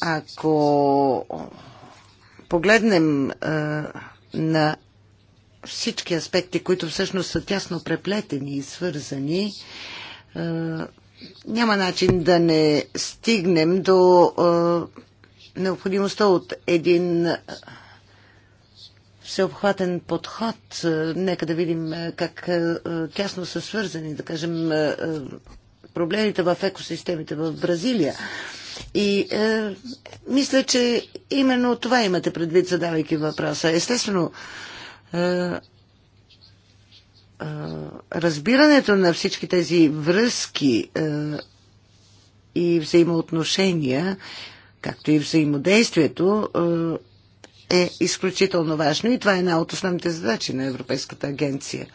Ако погледнем е, на всички аспекти, които всъщност са тясно преплетени и свързани, е, няма начин да не стигнем до е, необходимостта от един всеобхватен подход. Е, нека да видим как тясно са свързани, да кажем, проблемите в екосистемите в Бразилия. И е, мисля, че именно това имате предвид, задавайки въпроса. Естествено, е, е, е, разбирането на всички тези връзки е, и взаимоотношения, както и взаимодействието, е изключително важно и това е една от основните задачи на Европейската агенция.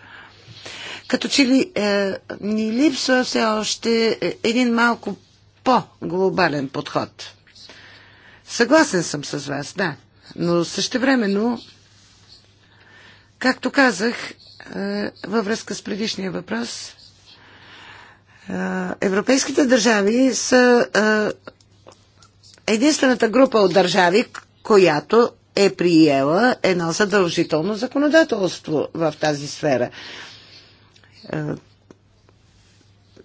Като че ли е, ни липсва все още един малко по-глобален подход. Съгласен съм с вас, да, но същевременно времено Както казах, е, във връзка с предишния въпрос, е, европейските държави са е, единствената група от държави, която е приела едно задължително законодателство в тази сфера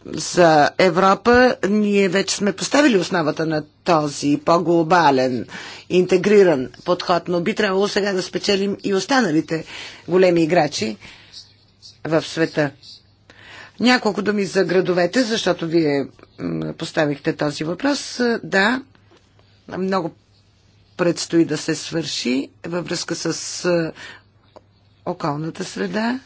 за Европа, ние вече сме поставили основата на този по-глобален, интегриран подход, но би трябвало сега да спечелим и останалите големи играчи в света. Няколко думи за градовете, защото вие поставихте този въпрос. Да, много предстои да се свърши във връзка с околната среда,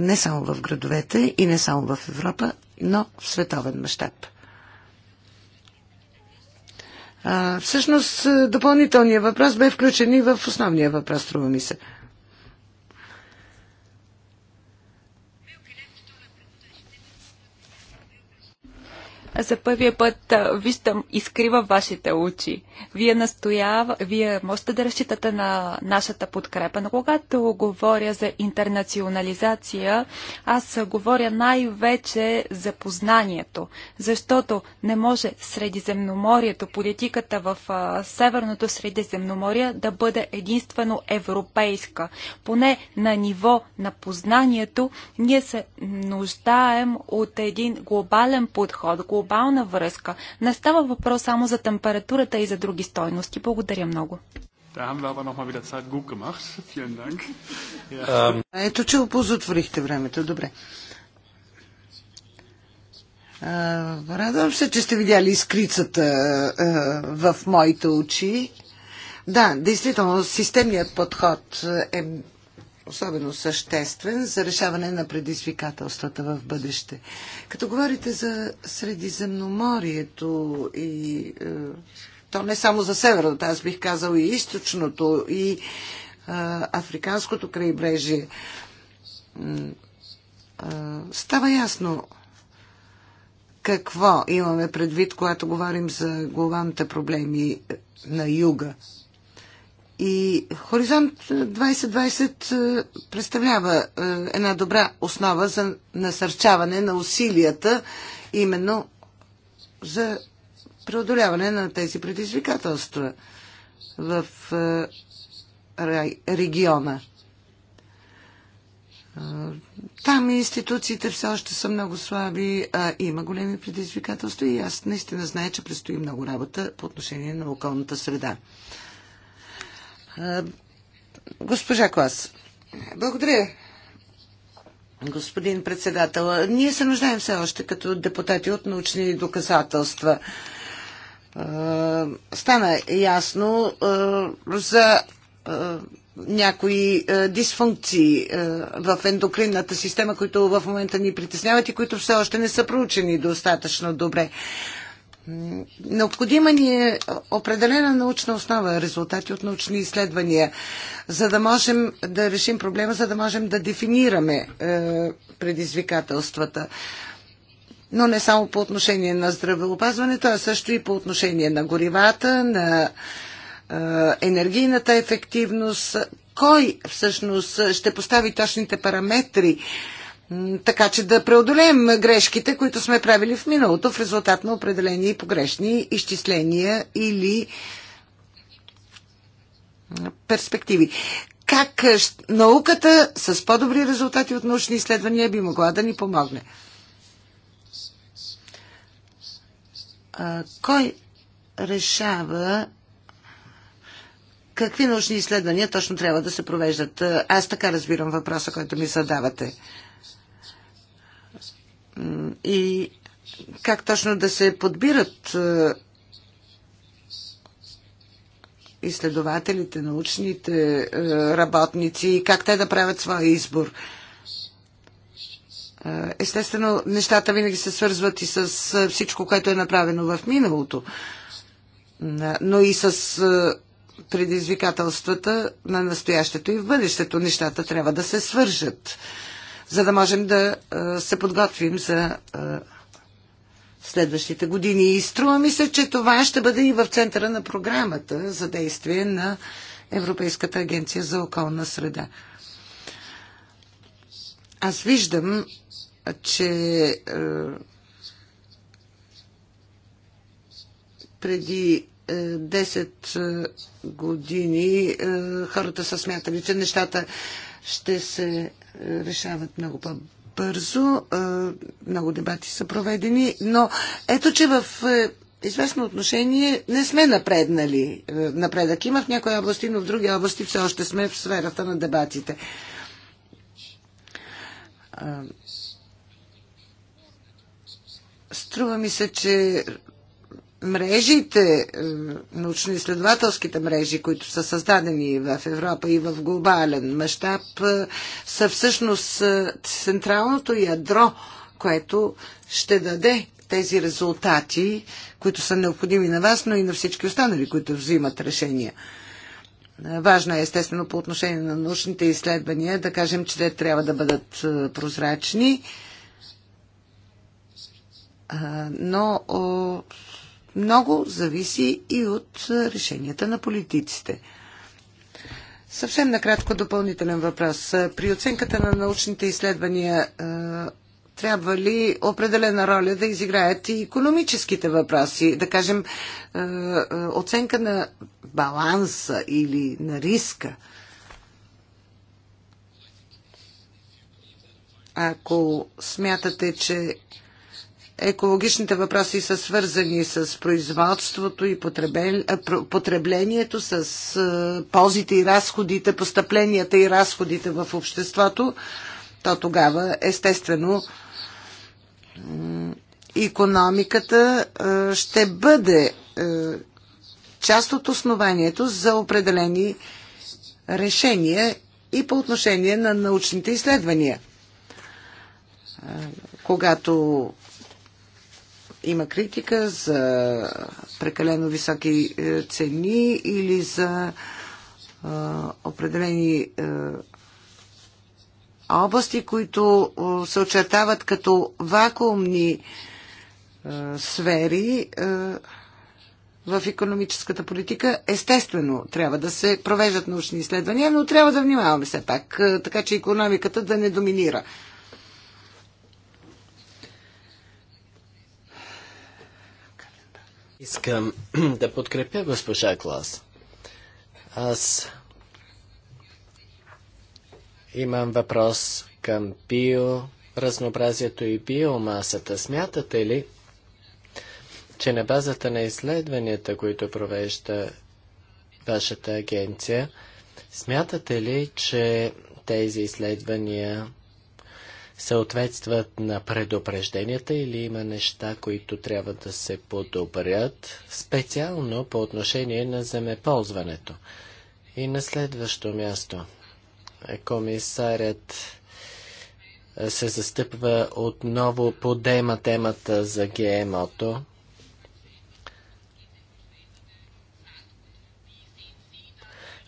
не само в градовете и не само в Европа, но в световен мащаб. Всъщност, допълнителният въпрос бе включен и в основния въпрос, струва ми се. за първия път виждам във вашите очи. Вие настоява, вие можете да разчитате на нашата подкрепа, но когато говоря за интернационализация, аз говоря най-вече за познанието, защото не може Средиземноморието, политиката в Северното Средиземноморие да бъде единствено европейска. Поне на ниво на познанието ние се нуждаем от един глобален подход, глобален глобална връзка. Не става въпрос само за температурата и за други стойности. Благодаря много. <laughs> Ето, че опозотворихте времето. Добре. Радвам се, че сте видяли искрицата в моите очи. Да, действително, системният подход е особено съществен за решаване на предизвикателствата в бъдеще. Като говорите за Средиземноморието и е, то не само за северното, аз бих казал и източното, и е, африканското крайбрежие, е, става ясно какво имаме предвид, когато говорим за глобалните проблеми на юга и Хоризонт 2020 е, представлява е, една добра основа за насърчаване на усилията именно за преодоляване на тези предизвикателства в е, региона. Там институциите все още са много слаби, а има големи предизвикателства и аз наистина зная, че предстои много работа по отношение на околната среда. Госпожа Клас. Благодаря, господин председател. Ние се нуждаем все още като депутати от научни доказателства. Стана ясно за някои дисфункции в ендокринната система, които в момента ни притесняват и които все още не са проучени достатъчно добре. Необходима ни е определена научна основа, резултати от научни изследвания, за да можем да решим проблема, за да можем да дефинираме е, предизвикателствата. Но не само по отношение на здравеопазването, а също и по отношение на горивата, на е, енергийната ефективност. Кой всъщност ще постави точните параметри? така че да преодолеем грешките, които сме правили в миналото в резултат на определени погрешни изчисления или перспективи. Как е, науката с по-добри резултати от научни изследвания би могла да ни помогне? Кой решава какви научни изследвания точно трябва да се провеждат? Е, аз така разбирам въпроса, който ми задавате и как точно да се подбират е, изследователите, научните е, работници и как те да правят своя избор. Е, естествено, нещата винаги се свързват и с всичко, което е направено в миналото, но и с предизвикателствата на настоящето и в бъдещето. Нещата трябва да се свържат за да можем да се подготвим за следващите години. И струва ми се, че това ще бъде и в центъра на програмата за действие на Европейската агенция за околна среда. Аз виждам, че преди 10 години хората са смятали, че нещата ще се е, решават много по-бързо. Е, много дебати са проведени, но ето, че в е, известно отношение не сме напреднали. Напредък има в някои области, но в други области все още сме в сферата на дебатите. Струва ми се, че мрежите, е, научно-изследователските мрежи, които са създадени в Европа и в глобален мащаб, е, са всъщност е, централното ядро, което ще даде тези резултати, които са необходими на вас, но и на всички останали, които взимат решения. Важно е, естествено, по отношение на научните изследвания, да кажем, че те трябва да бъдат прозрачни, но много зависи и от решенията на политиците. Съвсем накратко допълнителен въпрос. При оценката на научните изследвания трябва ли определена роля да изиграят и економическите въпроси? Да кажем, оценка на баланса или на риска? Ако смятате, че екологичните въпроси са свързани с производството и потреблението, с ползите и разходите, постъпленията и разходите в обществото, то тогава естествено економиката ще бъде част от основанието за определени решения и по отношение на научните изследвания. Когато има критика за прекалено високи е, цени или за е, определени е, области, които се очертават като вакуумни сфери в економическата политика. Естествено, трябва да се провеждат научни изследвания, но трябва да внимаваме все пак, така че економиката да не доминира Искам <clears throat> да подкрепя госпожа Клас. Аз имам въпрос към биоразнообразието и биомасата. Смятате ли, че на базата на изследванията, които провежда вашата агенция, смятате ли, че тези изследвания съответстват на предупрежденията или има неща, които трябва да се подобрят, специално по отношение на земеползването. И на следващо място, комисарят се застъпва отново по дема темата за ГМО-то.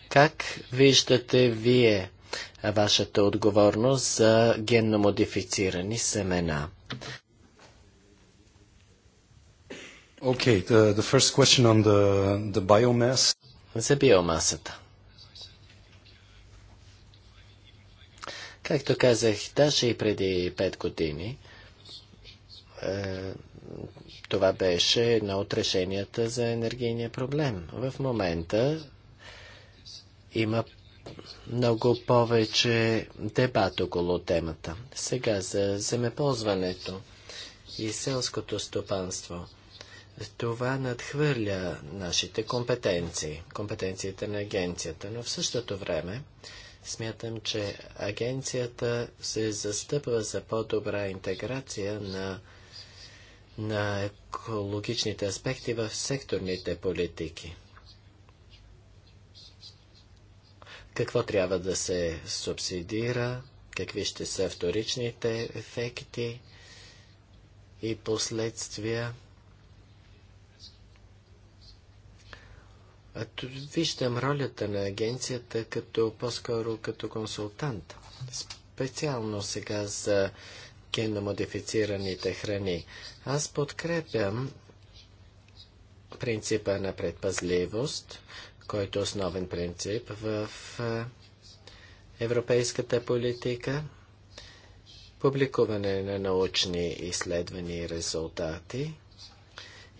Как виждате вие вашата отговорност за генно модифицирани семена? Okay, the, the first question on the, the biomass. За биомасата. Както казах, даже и преди 5 години, е, това беше едно от решенията за енергийния проблем. В момента има много повече дебат около темата. Сега за земеползването и селското стопанство. Това надхвърля нашите компетенции, компетенциите на агенцията, но в същото време смятам, че агенцията се застъпва за по-добра интеграция на, на екологичните аспекти в секторните политики. какво трябва да се субсидира, какви ще са вторичните ефекти и последствия. А виждам ролята на агенцията като по-скоро като консултант. Специално сега за генномодифицираните храни. Аз подкрепям принципа на предпазливост, който е основен принцип в европейската политика. Публикуване на научни изследвания и резултати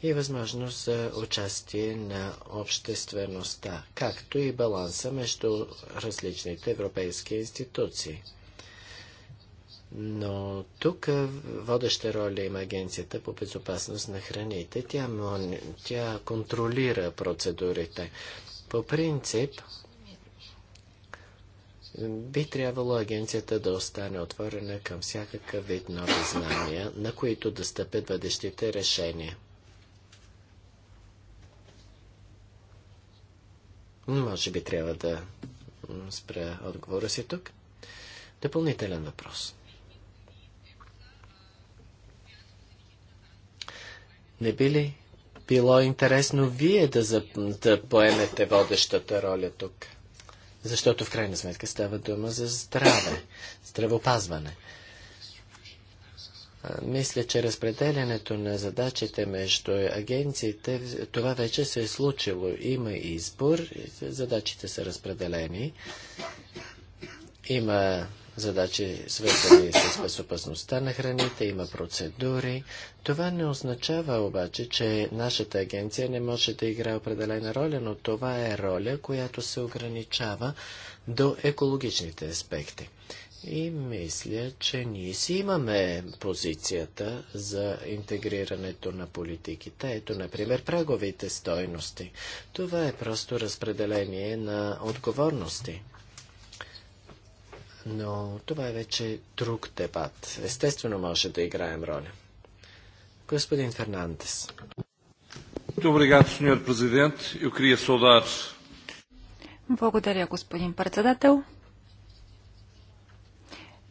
и възможност за участие на обществеността, както и баланса между различните европейски институции. Но тук водеща роля има Агенцията по безопасност на храните. Тя, тя контролира процедурите. По принцип, би трябвало агенцията да остане отворена към всякакъв вид нови знания, на които да стъпят бъдещите решения. Може би трябва да спра отговора си тук. Допълнителен въпрос. Не би ли било интересно вие да, за, да поемете водещата роля тук. Защото в крайна сметка става дума за здраве, здравопазване. Мисля, че разпределянето на задачите между агенциите, това вече се е случило. Има избор, задачите са разпределени. Има задачи, свързани с безопасността на храните, има процедури. Това не означава обаче, че нашата агенция не може да играе определена роля, но това е роля, която се ограничава до екологичните аспекти. И мисля, че ние си имаме позицията за интегрирането на политиките. Ето, например, праговите стойности. Това е просто разпределение на отговорности но това е вече друг дебат. Естествено може да играем роля. Господин Фернандес. Благодаря, господин председател.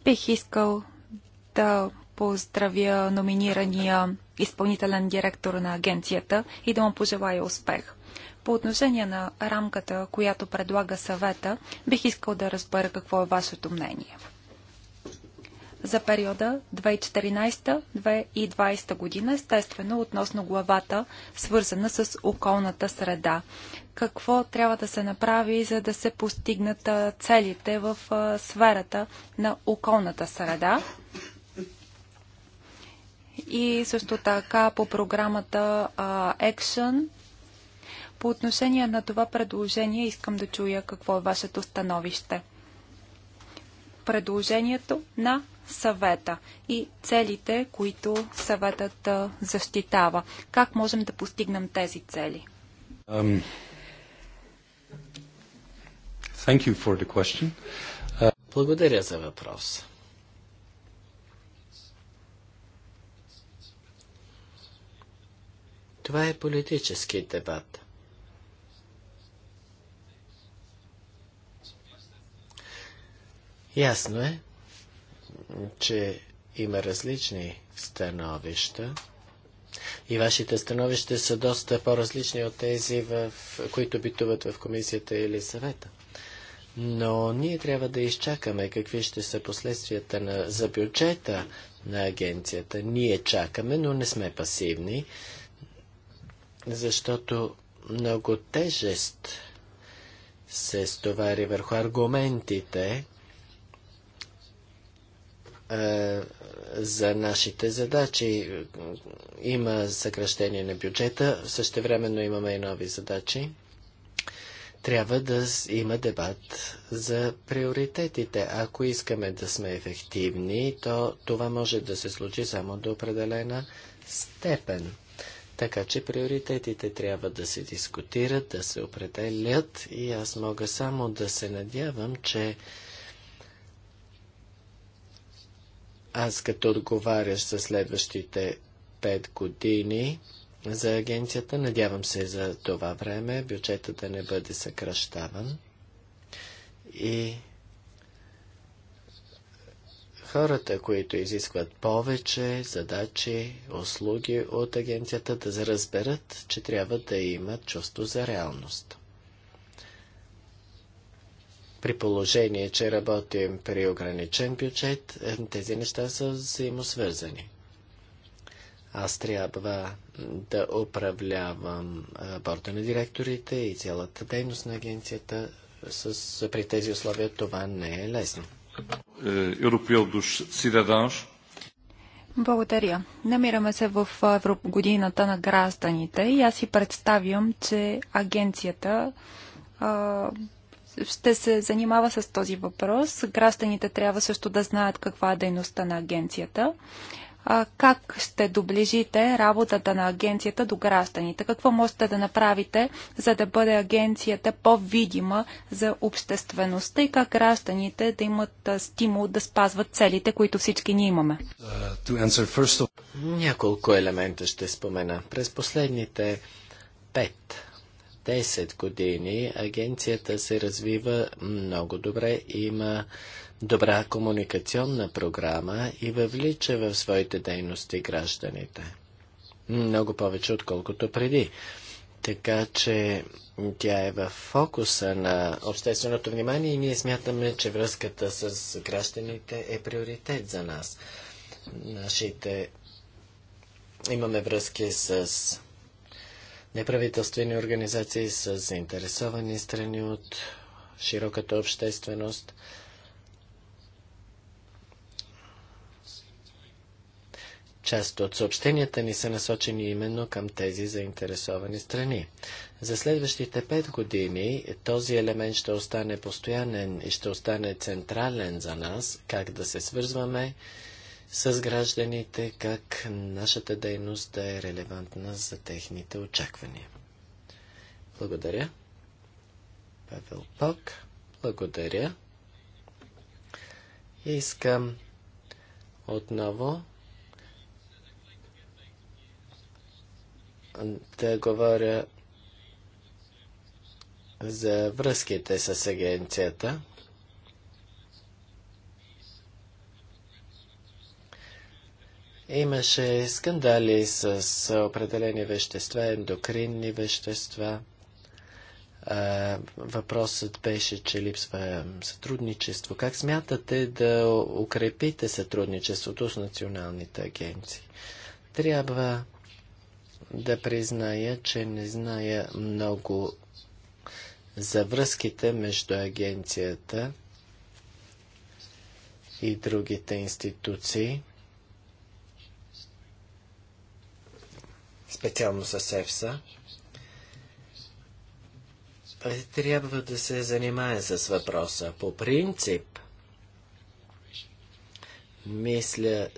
Бих искал да поздравя номинирания изпълнителен директор на агенцията и да му пожелая успех. По отношение на рамката, която предлага съвета, бих искал да разбера какво е вашето мнение. За периода 2014-2020 година, естествено, относно главата, свързана с околната среда. Какво трябва да се направи, за да се постигнат целите в сферата на околната среда? и също така по програмата Action по отношение на това предложение искам да чуя какво е вашето становище. Предложението на съвета и целите, които съветът защитава. Как можем да постигнем тези цели? Um, thank you for the question. Uh... Благодаря за въпрос. Това е политически дебат. Ясно е, че има различни становища и вашите становища са доста по-различни от тези, в, които битуват в комисията или съвета. Но ние трябва да изчакаме какви ще са последствията на, за бюджета на агенцията. Ние чакаме, но не сме пасивни, защото много тежест се стовари върху аргументите е, за нашите задачи. Има съкръщение на бюджета, същевременно имаме и нови задачи. Трябва да има дебат за приоритетите. Ако искаме да сме ефективни, то това може да се случи само до определена степен. Така че приоритетите трябва да се дискутират, да се определят и аз мога само да се надявам, че Аз като отговарящ за следващите 5 години за агенцията, надявам се за това време бюджета да не бъде съкръщаван и хората, които изискват повече задачи, услуги от агенцията, да разберат, че трябва да имат чувство за реалност при положение, че работим при ограничен бюджет, е, тези неща са взаимосвързани. Аз трябва да управлявам е, борда на директорите и цялата дейност на агенцията. С, при тези условия това не е лесно. Е, Благодаря. Намираме се в годината на гражданите и аз си представям, че агенцията а, ще се занимава с този въпрос. Гражданите трябва също да знаят каква е дейността на агенцията. А, как ще доближите работата на агенцията до гражданите? Какво можете да направите, за да бъде агенцията по-видима за обществеността и как гражданите да имат стимул да спазват целите, които всички ние имаме? Uh, Няколко елемента ще спомена. През последните пет 10 години агенцията се развива много добре, има добра комуникационна програма и въвлича в своите дейности гражданите. Много повече, отколкото преди. Така че тя е в фокуса на общественото внимание и ние смятаме, че връзката с гражданите е приоритет за нас. Нашите имаме връзки с Неправителствени организации с заинтересовани страни от широката общественост. Част от съобщенията ни са насочени именно към тези заинтересовани страни. За следващите пет години този елемент ще остане постоянен и ще остане централен за нас, как да се свързваме, с гражданите, как нашата дейност да е релевантна за техните очаквания. Благодаря. Павел Пак, благодаря. И Искам отново да говоря за връзките с агенцията. Имаше скандали с, определени вещества, ендокринни вещества. въпросът беше, че липсва сътрудничество. Как смятате да укрепите сътрудничеството с националните агенции? Трябва да призная, че не зная много за връзките между агенцията и другите институции. специално с ЕВСА. трябва да се занимае с въпроса. По принцип, мисля,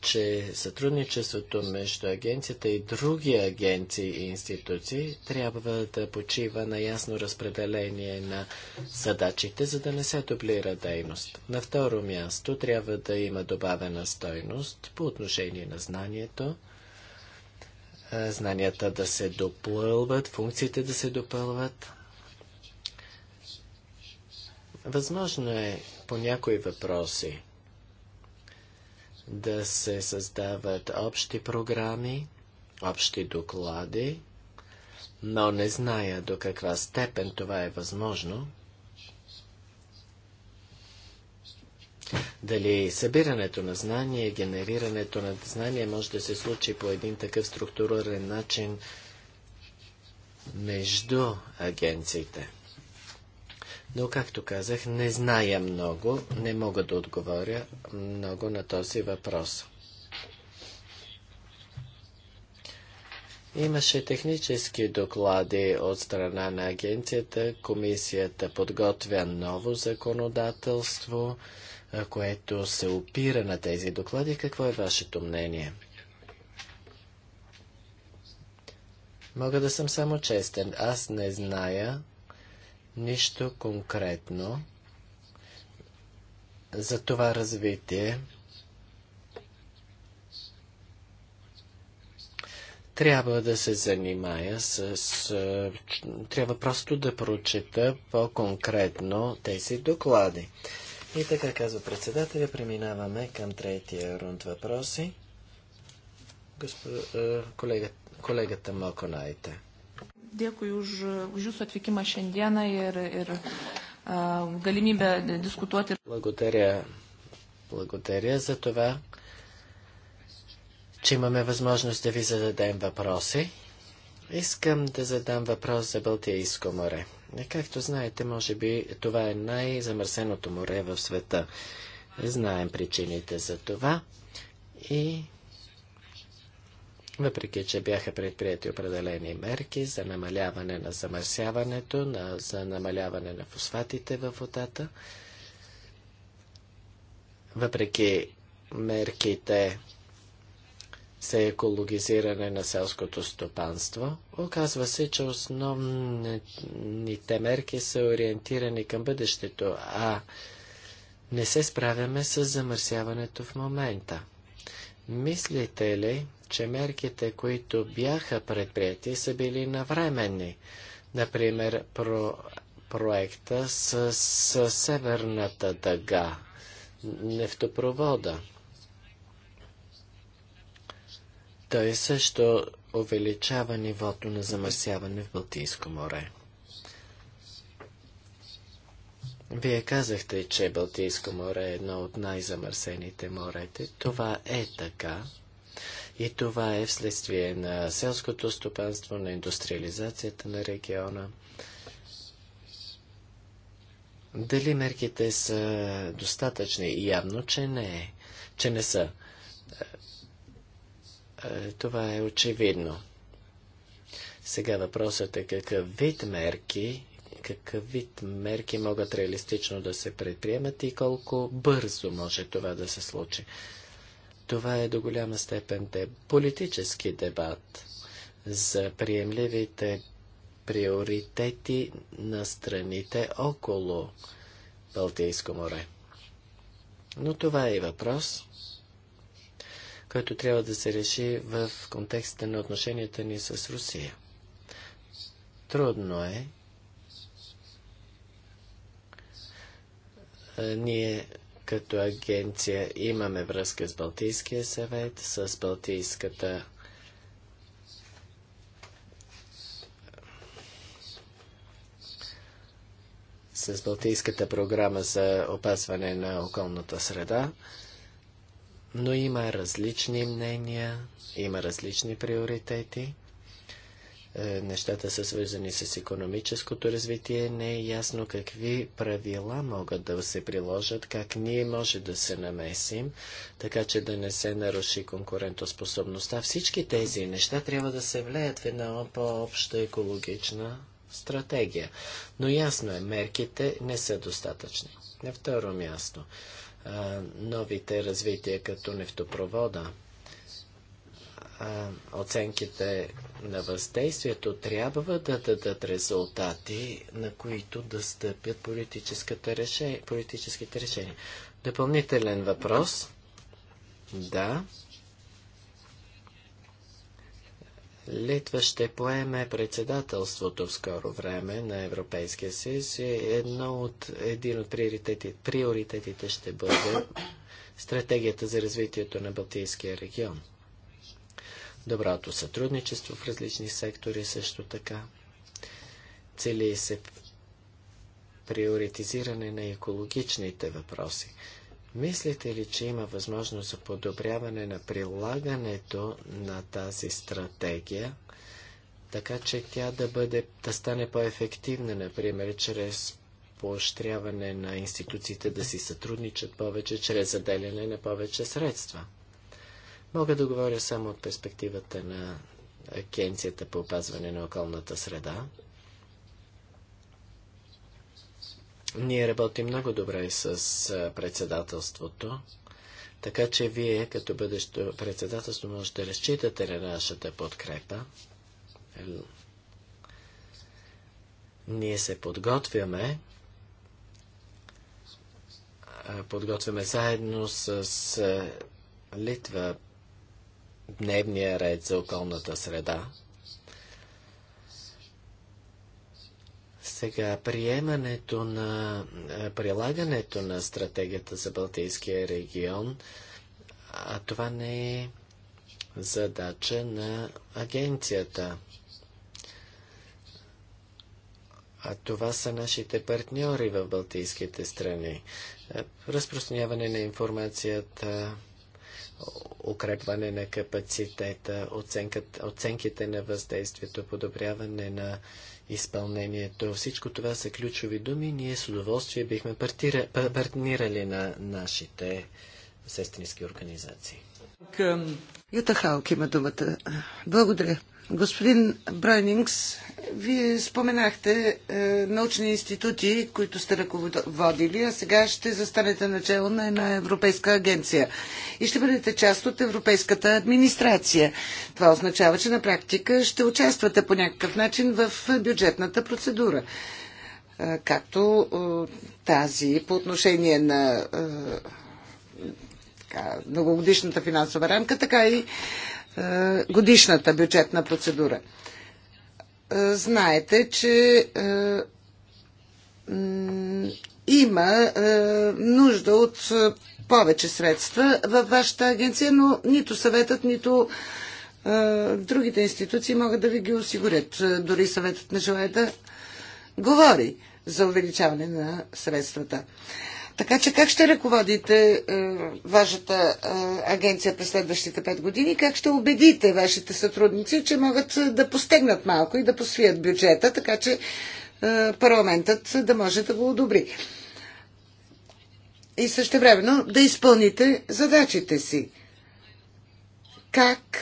че сътрудничеството между агенцията и други агенции и институции трябва да почива на ясно разпределение на задачите, за да не се дублира дейност. На второ място трябва да има добавена стойност по отношение на знанието, е, знанията да се допълват, функциите да се допълват. Възможно е по някои въпроси да се създават общи програми, общи доклади, но не зная до каква степен това е възможно. Дали събирането на знание, генерирането на знание може да се случи по един такъв структурен начин между агенциите. Но, както казах, не зная много, не мога да отговоря много на този въпрос. Имаше технически доклади от страна на агенцията. Комисията подготвя ново законодателство което се опира на тези доклади. Какво е вашето мнение? Мога да съм само честен. Аз не зная нищо конкретно за това развитие. Трябва да се занимая с... трябва просто да прочета по-конкретно тези доклади. И така казва председателя, преминаваме към третия рунд въпроси. Е, колега... Колегата Моконайте. Dėkui už, už jūsų atvykimą šiandieną ir, ir дискутуати. Благодаря. Благодаря за това, че имаме възможност да ви зададем въпроси. Искам да задам въпрос за Балтийско море. Е, както знаете, може би това е най-замърсеното море в света. Знаем причините за това и въпреки, че бяха предприяти определени мерки за намаляване на замърсяването, на, за намаляване на фосфатите във водата, въпреки мерките за екологизиране на селското стопанство, оказва се, че основните мерки са ориентирани към бъдещето, а не се справяме с замърсяването в момента. Мислите ли, че мерките, които бяха предприяти, са били навременни? Например, про проекта с, с северната дъга, нефтопровода – Той също увеличава нивото на замърсяване в Балтийско море. Вие казахте, че Балтийско море е едно от най-замърсените морете. Това е така. И това е вследствие на селското стопанство, на индустриализацията на региона. Дали мерките са достатъчни? Явно, че не е. Че не са. Е, това е очевидно. Сега въпросът е какъв вид мерки, какъв вид мерки могат реалистично да се предприемат и колко бързо може това да се случи. Това е до голяма степен де политически дебат за приемливите приоритети на страните около Балтийско море. Но това е и въпрос, който трябва да се реши в контекста на отношенията ни с Русия. Трудно е. Ние като агенция имаме връзка с Балтийския съвет, с Балтийската с Балтийската програма за опазване на околната среда но има различни мнения, има различни приоритети. Е, нещата са свързани с економическото развитие. Не е ясно какви правила могат да се приложат, как ние може да се намесим, така че да не се наруши конкурентоспособността. Всички тези неща трябва да се влеят в една по-обща екологична стратегия. Но ясно е, мерките не са достатъчни. На второ място, а, новите развития като нефтопровода. А, оценките на въздействието трябва да дадат резултати, на които да стъпят политическите решения. Допълнителен въпрос. Да. Литва ще поеме председателството в скоро време на Европейския съюз и едно от, един от приоритети, приоритетите ще бъде стратегията за развитието на Балтийския регион. Доброто сътрудничество в различни сектори също така. Цели се приоритизиране на екологичните въпроси. Мислите ли, че има възможност за подобряване на прилагането на тази стратегия, така че тя да, бъде, да стане по-ефективна, например, чрез поощряване на институциите да си сътрудничат повече, чрез заделяне на повече средства? Мога да говоря само от перспективата на Агенцията по опазване на околната среда, Ние работим много добре с председателството, така че вие като бъдещо председателство можете да разчитате на нашата подкрепа. Ние се подготвяме подготвяме заедно с Литва дневния ред за околната среда. Сега, приемането на, е, прилагането на стратегията за Балтийския регион, а това не е задача на агенцията. А това са нашите партньори в Балтийските страни. Е, разпространяване на информацията, укрепване на капацитета, оценката, оценките на въздействието, подобряване на изпълнението. Всичко това са ключови думи. Ние с удоволствие бихме партира, партнирали на нашите сестрински организации. Към... Юта Халк има думата. Благодаря. Господин Бройнингс, вие споменахте е, научни институти, които сте ръководили, а сега ще застанете начало на една европейска агенция и ще бъдете част от европейската администрация. Това означава, че на практика ще участвате по някакъв начин в бюджетната процедура. Е, както е, тази по отношение на. Е, многогодишната финансова рамка, така и е, годишната бюджетна процедура. Е, знаете, че е, има нужда от повече средства във вашата агенция, но нито съветът, нито другите институции могат да ви ги осигурят. Дори съветът не желая да говори за увеличаване на средствата. Така че как ще ръководите е, вашата е, агенция през следващите 5 години? Как ще убедите вашите сътрудници, че могат е, да постегнат малко и да посвият бюджета, така че е, парламентът да може да го одобри? И също времено да изпълните задачите си. Как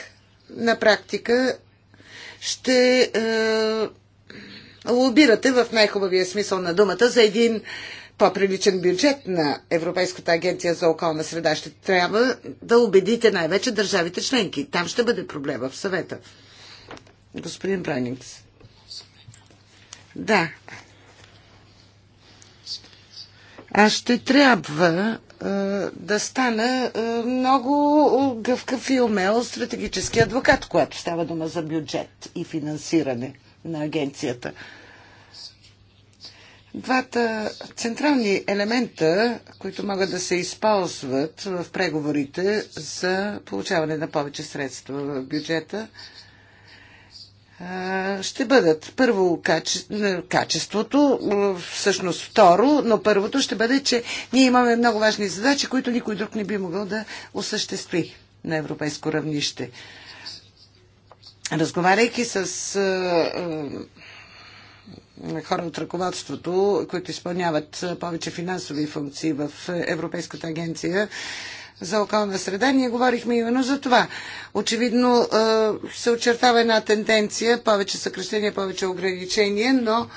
на практика ще е, лобирате в най-хубавия смисъл на думата за един е, по-приличен бюджет на Европейската агенция за околна среда. Ще трябва да убедите най-вече държавите членки. Там ще бъде проблема в съвета. Господин Бранингс. Да. Аз ще трябва е, да стана е, много гъвкав и умел стратегически адвокат, когато става дума за бюджет и финансиране на агенцията. Двата централни елемента, които могат да се използват в преговорите за получаване на повече средства в бюджета, ще бъдат първо каче... качеството, всъщност второ, но първото ще бъде, че ние имаме много важни задачи, които никой друг не би могъл да осъществи на европейско равнище. Разговаряйки с хора от ръководството, които изпълняват повече финансови функции в Европейската агенция за околна среда. Ние говорихме именно за това. Очевидно се очертава една тенденция, повече съкрещения, повече ограничения, но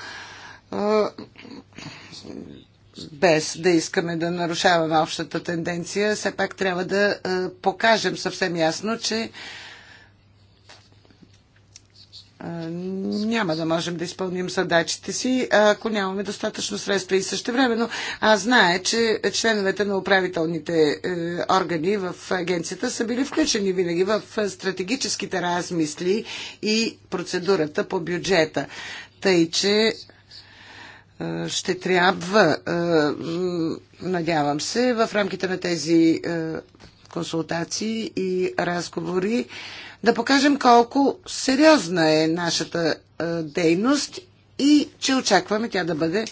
без да искаме да нарушаваме общата тенденция, все пак трябва да покажем съвсем ясно, че няма да можем да изпълним задачите си, ако нямаме достатъчно средства. И също времено, аз знае, че членовете на управителните е, органи в агенцията са били включени винаги в е, стратегическите размисли и процедурата по бюджета. Тъй, че е, ще трябва, надявам се, в рамките на тези консултации и разговори да покажем колко сериозна е нашата е, дейност и че очакваме тя да бъде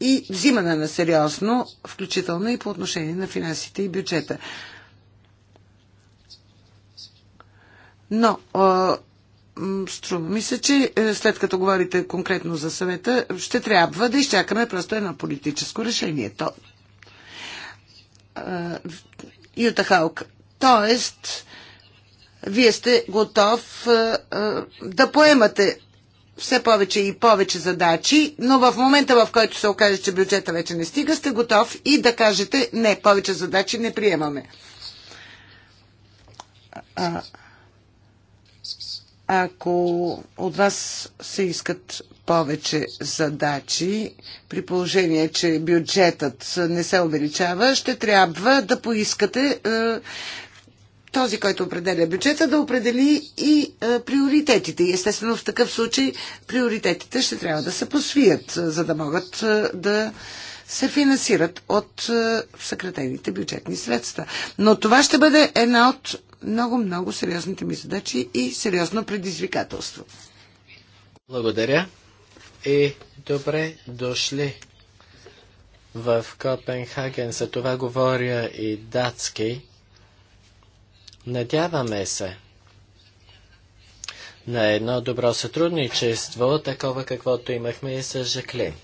и взимана на сериозно, включително и по отношение на финансите и бюджета. Но е, струва ми се, че е, след като говорите конкретно за съвета, ще трябва да изчакаме просто едно политическо решение. То... Юта Халк. Тоест, вие сте готов да поемате все повече и повече задачи, но в момента, в който се окаже, че бюджета вече не стига, сте готов и да кажете не, повече задачи не приемаме. А, ако от вас се искат повече задачи, при положение, че бюджетът не се увеличава, ще трябва да поискате този, който определя бюджета, да определи и а, е, приоритетите. И естествено в такъв случай приоритетите ще трябва да се посвият, е, за да могат а, е, да се финансират от а, съкратените бюджетни средства. Но това ще бъде една от много-много сериозните ми задачи и сериозно предизвикателство. Благодаря и добре дошли в Копенхаген. За това говоря и датски. Надяваме се на едно добро сътрудничество, такова каквото имахме и с Жаклин.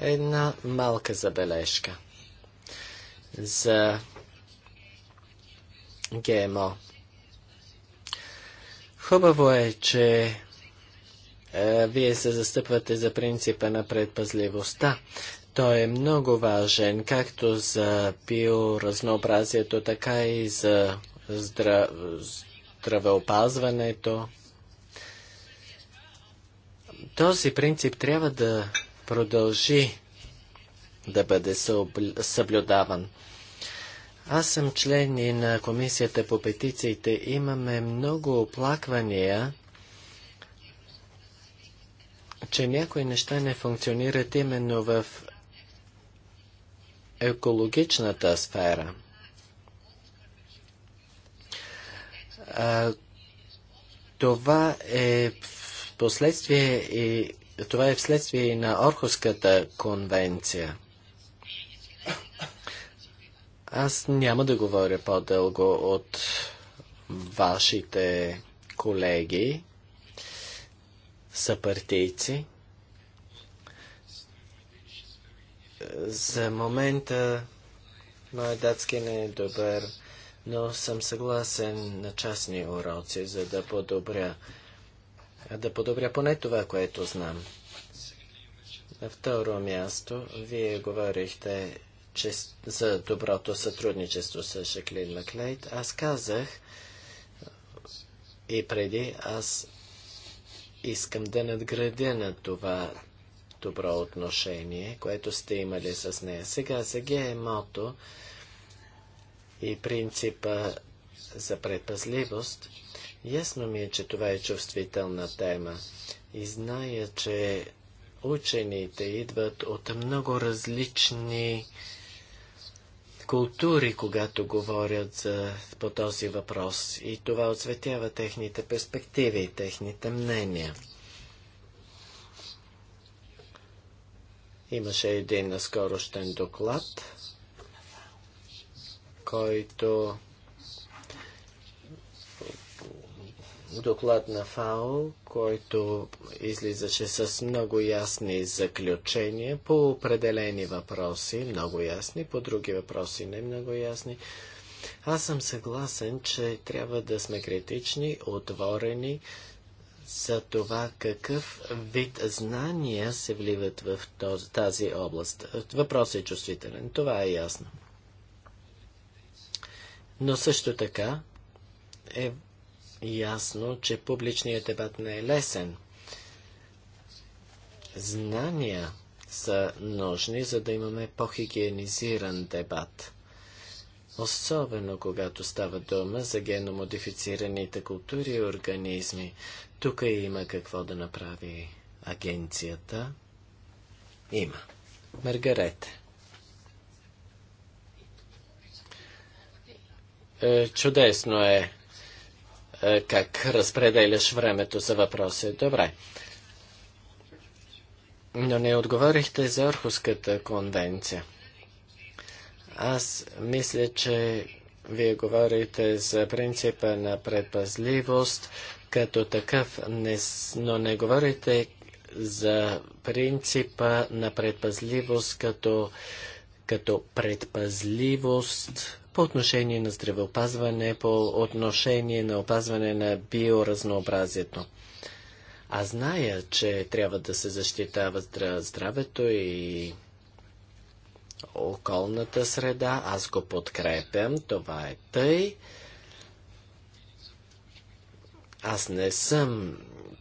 Една малка забележка за ГМО. Хубаво е, че е, вие се застъпвате за принципа на предпазливостта, той е много важен както за биоразнообразието, така и за здравеопазването. Този принцип трябва да продължи да бъде съблюдаван. Аз съм член и на Комисията по петициите. Имаме много оплаквания, че някои неща не функционират именно в екологичната сфера. А, това е последствие и това е вследствие и на Орховската конвенция. Аз няма да говоря по-дълго от вашите колеги, съпартийци. За момента моят датски не е добър, но съм съгласен на частни уроци, за да подобря, да подобря поне това, което знам. На второ място, вие говорихте че, за доброто сътрудничество с Шеклин Маклейт, Аз казах и преди, аз искам да надградя на това добро отношение, което сте имали с нея. Сега за ГМО-то и принципа за предпазливост, ясно ми е, че това е чувствителна тема. И зная, че учените идват от много различни култури, когато говорят за, по този въпрос и това отсветява техните перспективи и техните мнения. Имаше един наскорощен доклад, който доклад на ФАО, който излизаше с много ясни заключения по определени въпроси, много ясни, по други въпроси не много ясни. Аз съм съгласен, че трябва да сме критични, отворени, за това какъв вид знания се вливат в този, тази област. Въпросът е чувствителен, това е ясно. Но също така е ясно, че публичният дебат не е лесен. Знания са нужни, за да имаме по-хигиенизиран дебат. Особено когато става дума за геномодифицираните култури и организми. Тук има какво да направи агенцията. Има. Маргарете. Чудесно е, е как разпределяш времето за въпроси. Добре. Но не отговорихте за Орхуската конвенция. Аз мисля, че вие говорите за принципа на предпазливост като такъв, но не говорите за принципа на предпазливост като, като предпазливост по отношение на здравеопазване, по отношение на опазване на биоразнообразието. А зная, че трябва да се защитава здравето и околната среда. Аз го подкрепям. Това е тъй. Аз не съм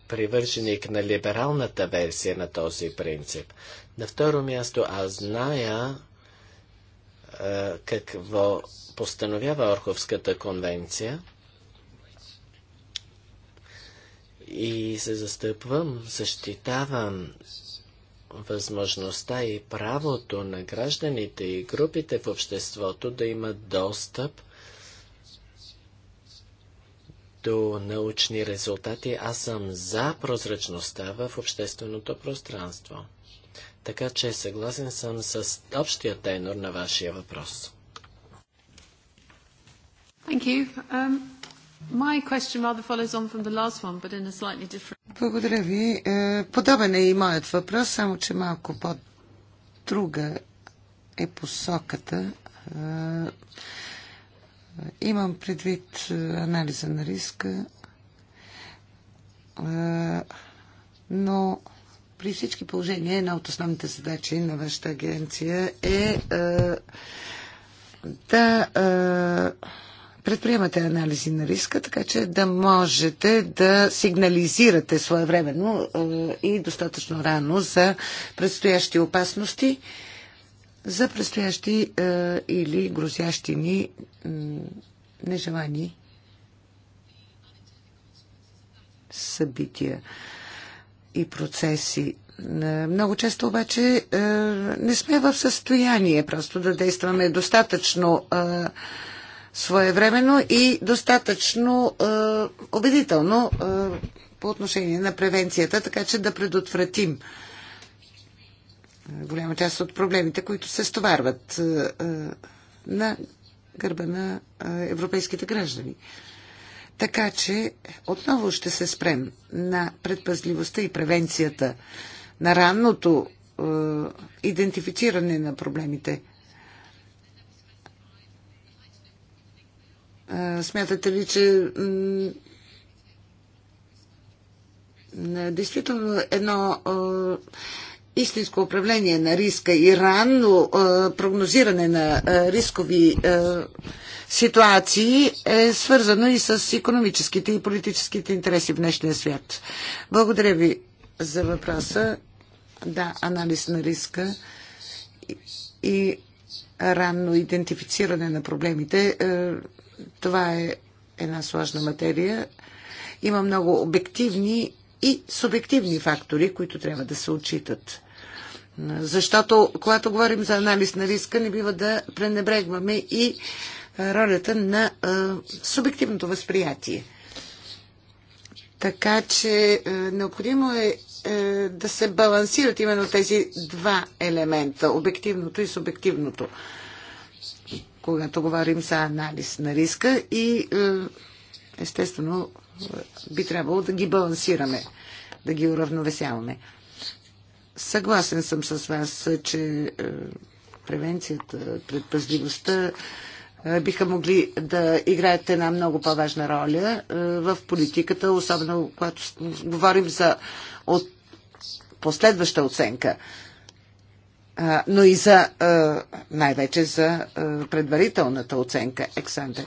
привърженик на либералната версия на този принцип. На второ място, аз зная е, какво постановява Орховската конвенция и се застъпвам, защитавам възможността и правото на гражданите и групите в обществото да имат достъп до научни резултати. Аз съм за прозрачността в общественото пространство. Така че съгласен съм с общия тенор на вашия въпрос. Thank you. Um... One, different... Благодаря ви. Е, подобен е и моят въпрос, само че малко по-друга е посоката. Е, имам предвид е, анализа на риска, но при всички положения една от основните задачи на вашата агенция е да предприемате анализи на риска, така че да можете да сигнализирате своевременно е, и достатъчно рано за предстоящи опасности, за предстоящи е, или грозящи ни нежелани събития и процеси. Е, много често обаче не сме в състояние просто да действаме достатъчно своевременно и достатъчно е, убедително е, по отношение на превенцията, така че да предотвратим е, голяма част от проблемите, които се стоварват е, е, на гърба на е, европейските граждани. Така че отново ще се спрем на предпазливостта и превенцията, на ранното е, идентифициране на проблемите, Смятате ли, че действително едно истинско управление на риска и ранно прогнозиране на рискови ситуации е свързано и с економическите и политическите интереси в днешния свят. Благодаря ви за въпроса. Да, анализ на риска и ранно идентифициране на проблемите това е една сложна материя. Има много обективни и субективни фактори, които трябва да се отчитат. Защото, когато говорим за анализ на риска, не бива да пренебрегваме и е, ролята на а, е, субективното възприятие. Така че а, е, необходимо е, е да се балансират именно тези два елемента обективното и субективното когато говорим за анализ на риска и е, естествено би трябвало да ги балансираме, да ги уравновесяваме. Съгласен съм с вас, че е, превенцията, предпазливостта е, биха могли да играят една много по-важна роля в политиката, особено когато говорим за от последваща оценка но и за най-вече за предварителната оценка Ексанте.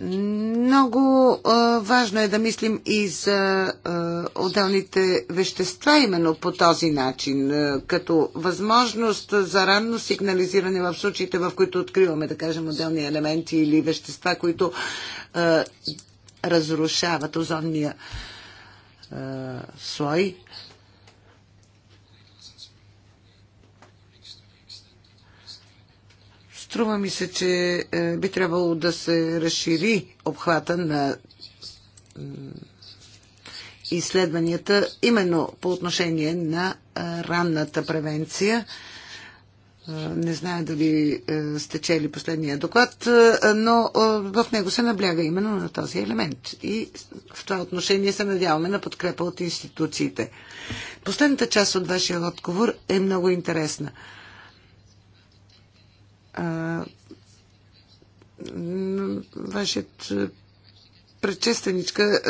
Много а, важно е да мислим и за а, отделните вещества именно по този начин, а, като възможност за ранно сигнализиране в случаите, в които откриваме, да кажем, отделни елементи или вещества, които а, разрушават озонния е, слой. Струва ми се, че е, би трябвало да се разшири обхвата на изследванията именно по отношение на е, ранната превенция – не знае дали е, сте чели последния доклад, е, но е, в него се набляга именно на този елемент. И в това отношение се надяваме на подкрепа от институциите. Последната част от вашия отговор е много интересна. Вашият предшественичка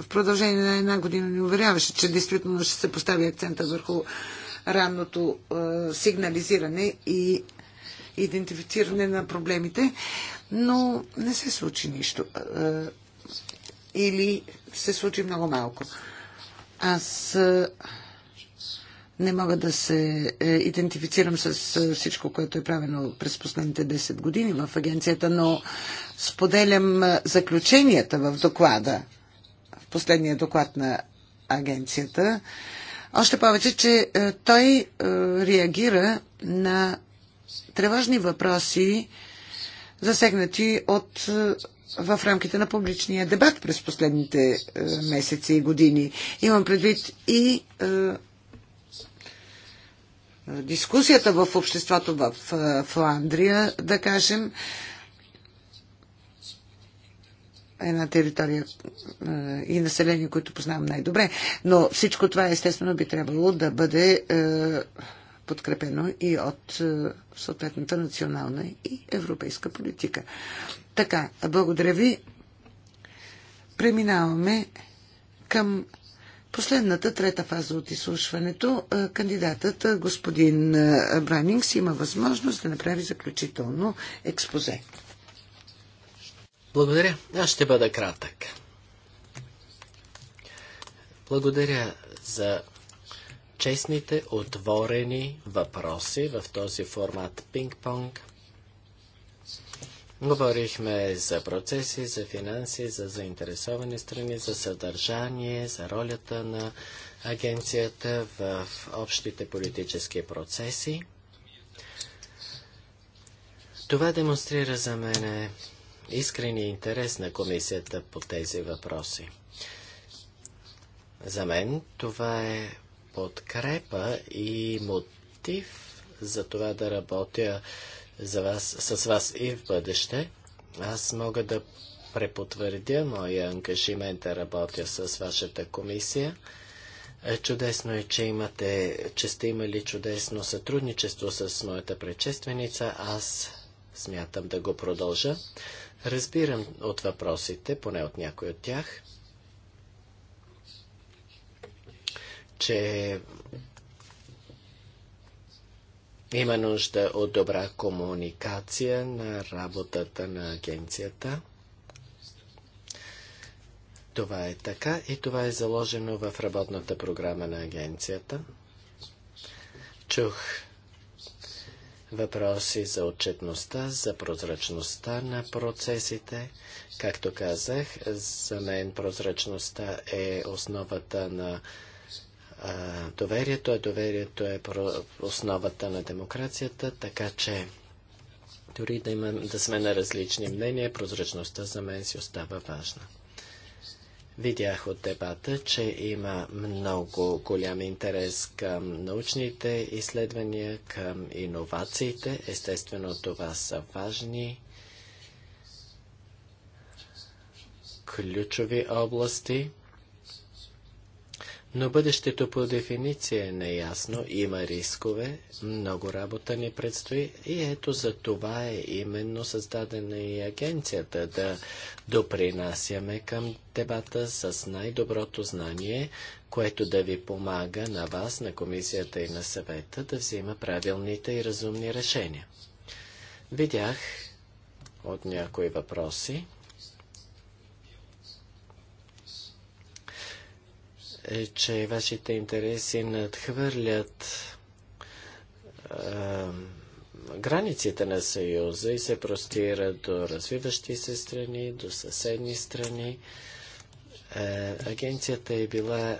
в продължение на една година ни уверяваше, че действително ще се постави акцента върху ранното сигнализиране и идентифициране на проблемите, но не се случи нищо. Или се случи много малко. Аз не мога да се е, идентифицирам с всичко, което е правено през последните 10 години в агенцията, но споделям заключенията в доклада, в последния доклад на агенцията. Още повече, че е, той е, реагира на тревожни въпроси, засегнати от е, в рамките на публичния дебат през последните месеци и години. Имам предвид и дискусията в обществото в Фландрия, да кажем, една територия е, и население, което познавам най-добре. Но всичко това естествено би трябвало да бъде е, подкрепено и от е, съответната национална и европейска политика. Така, благодаря ви. Преминаваме към последната, трета фаза от изслушването. Кандидатът господин Бранингс има възможност да направи заключително експозе. Благодаря. Аз ще бъда кратък. Благодаря за честните, отворени въпроси в този формат пинг-понг. Говорихме за процеси, за финанси, за заинтересовани страни, за съдържание, за ролята на агенцията в общите политически процеси. Това демонстрира за мен искрения интерес на комисията по тези въпроси. За мен това е подкрепа и мотив за това да работя за вас, с вас и в бъдеще. Аз мога да препотвърдя моя ангажимент да работя с вашата комисия. Е, чудесно е, че, имате, че сте имали чудесно сътрудничество с моята предшественица. Аз смятам да го продължа. Разбирам от въпросите, поне от някой от тях, че има нужда от добра комуникация на работата на агенцията. Това е така и това е заложено в работната програма на агенцията. Чух въпроси за отчетността, за прозрачността на процесите. Както казах, за мен прозрачността е основата на а, доверието, а доверието е основата на демокрацията, така че дори да, имам, да сме на различни мнения, прозрачността за мен си остава важна. Видях от дебата, че има много голям интерес към научните изследвания, към иновациите. Естествено, това са важни ключови области – но бъдещето по дефиниция е неясно, има рискове, много работа ни предстои и ето за това е именно създадена и агенцията да допринасяме към дебата с най-доброто знание, което да ви помага на вас, на комисията и на съвета да взима правилните и разумни решения. Видях от някои въпроси, Е, че вашите интереси надхвърлят е, границите на Съюза и се простират до развиващи се страни, до съседни страни. Е, агенцията е била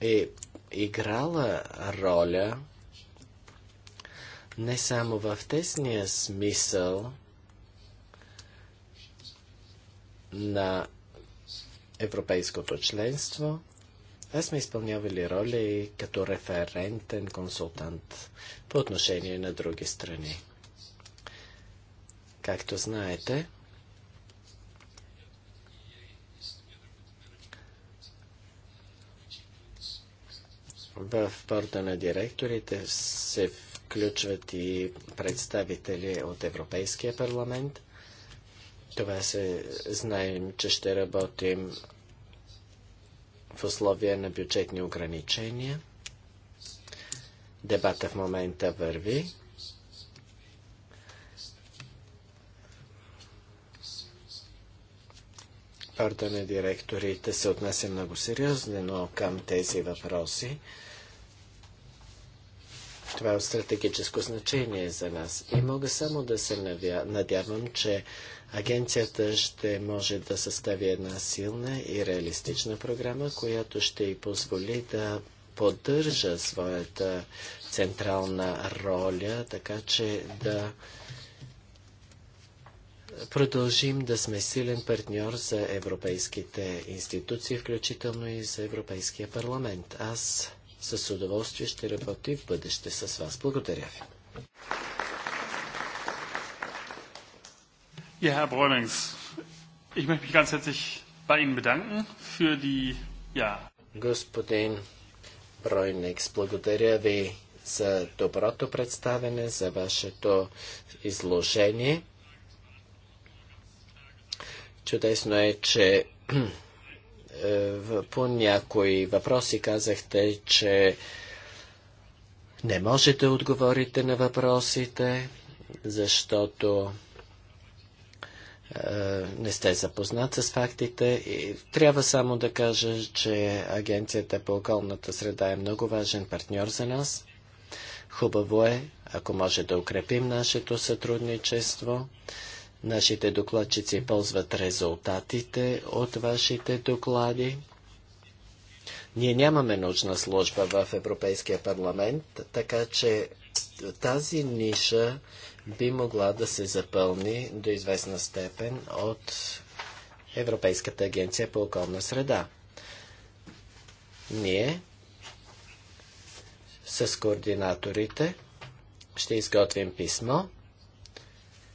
е, е играла роля не само в тесния смисъл, на европейското членство. Аз сме изпълнявали роли като референтен консултант по отношение на други страни. Както знаете, в порта на директорите се включват и представители от Европейския парламент. Това се знаем, че ще работим в условия на бюджетни ограничения. Дебата в момента върви. Парда на директорите се отнася много сериозно към тези въпроси. Това е от стратегическо значение за нас. И мога само да се надявам, че Агенцията ще може да състави една силна и реалистична програма, която ще й позволи да поддържа своята централна роля, така че да продължим да сме силен партньор за европейските институции, включително и за Европейския парламент. Аз с удоволствие ще работя в бъдеще с вас. Благодаря ви. Ja, Herr Bräunings, ich möchte mich ganz herzlich bei Ihnen bedanken für die, ja. Господин Бройникс, благодаря ви за доброто представене, за вашето изложение. Чудесно е, че <clears throat> е, по някои въпроси казахте, че не можете да отговорите на въпросите, защото е, не сте запознат с фактите. И трябва само да кажа, че Агенцията по околната среда е много важен партньор за нас. Хубаво е, ако може да укрепим нашето сътрудничество. Нашите докладчици ползват резултатите от вашите доклади. Ние нямаме нужна служба в Европейския парламент, така че тази ниша би могла да се запълни до известна степен от Европейската агенция по околна среда. Ние с координаторите ще изготвим писмо,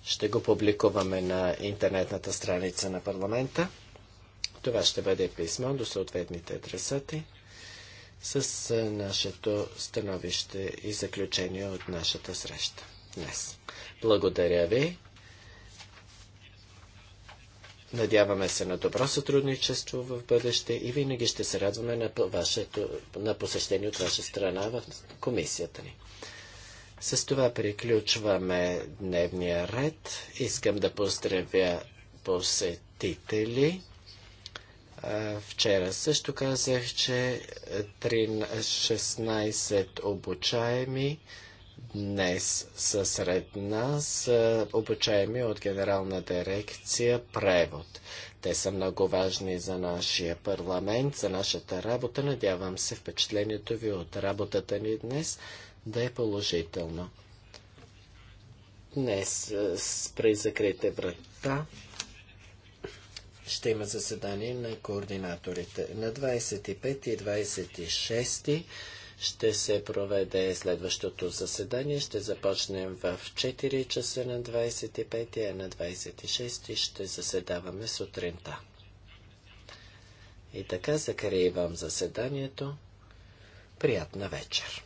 ще го публикуваме на интернетната страница на парламента. Това ще бъде писмо до съответните адресати с нашето становище и заключение от нашата среща днес. Благодаря ви. Надяваме се на добро сътрудничество в бъдеще и винаги ще се радваме на, вашето, на посещение от ваша страна в комисията ни. С това приключваме дневния ред. Искам да поздравя посетители. Вчера също казах, че 16 обучаеми днес са сред нас е, обучаеми от Генерална дирекция Превод. Те са много важни за нашия парламент, за нашата работа. Надявам се впечатлението ви от работата ни днес да е положително. Днес е, при закрите врата ще има заседание на координаторите на 25 и 26 ще се проведе следващото заседание. Ще започнем в 4 часа на 25, а на 26 ще заседаваме сутринта. И така закривам заседанието. Приятна вечер!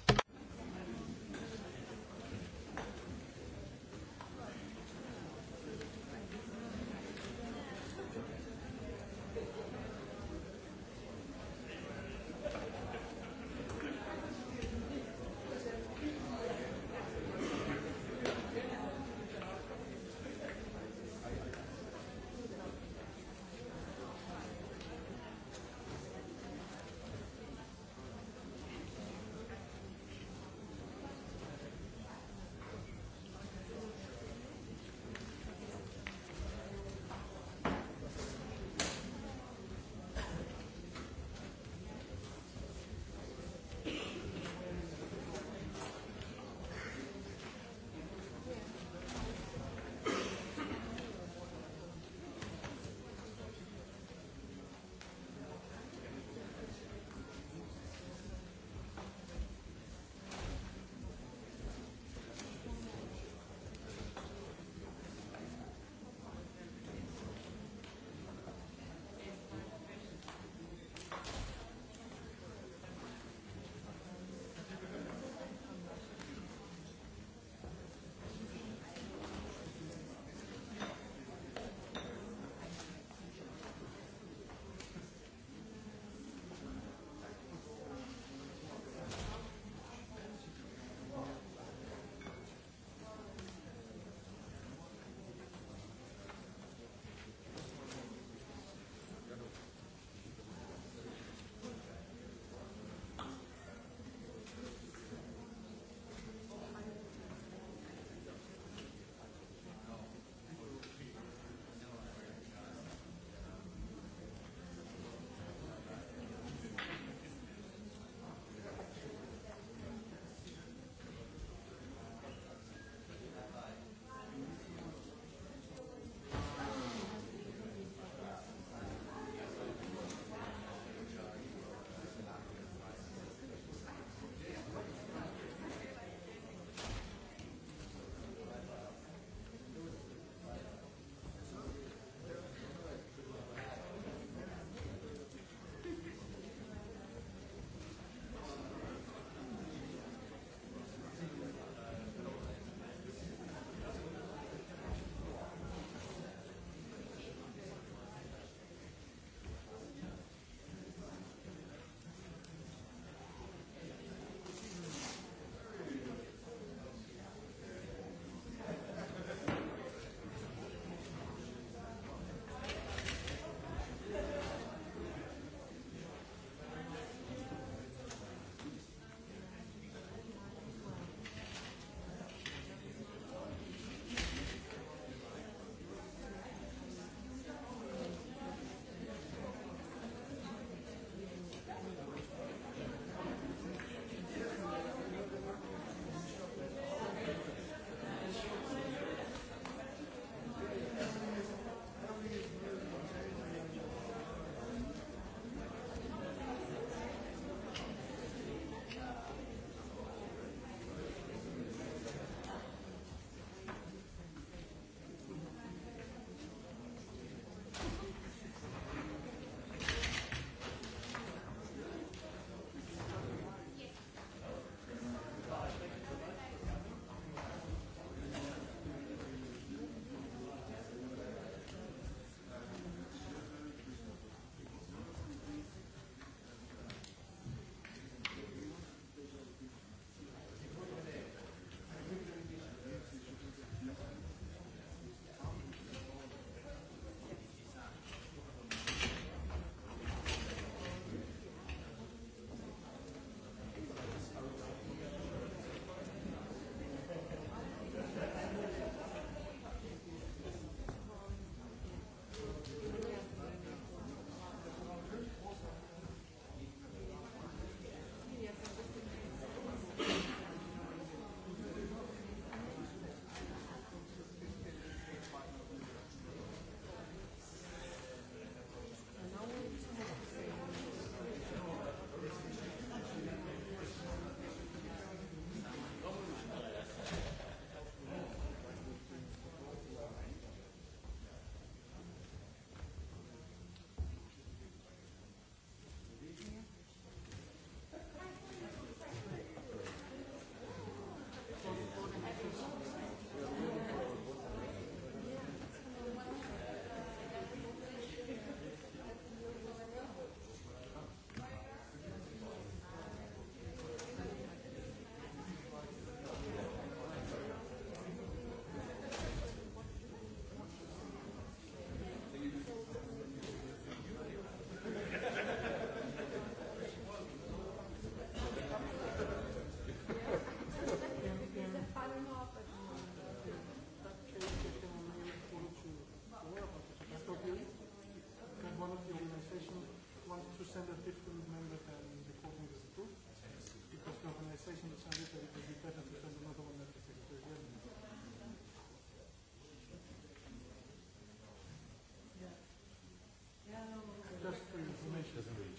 doesn't really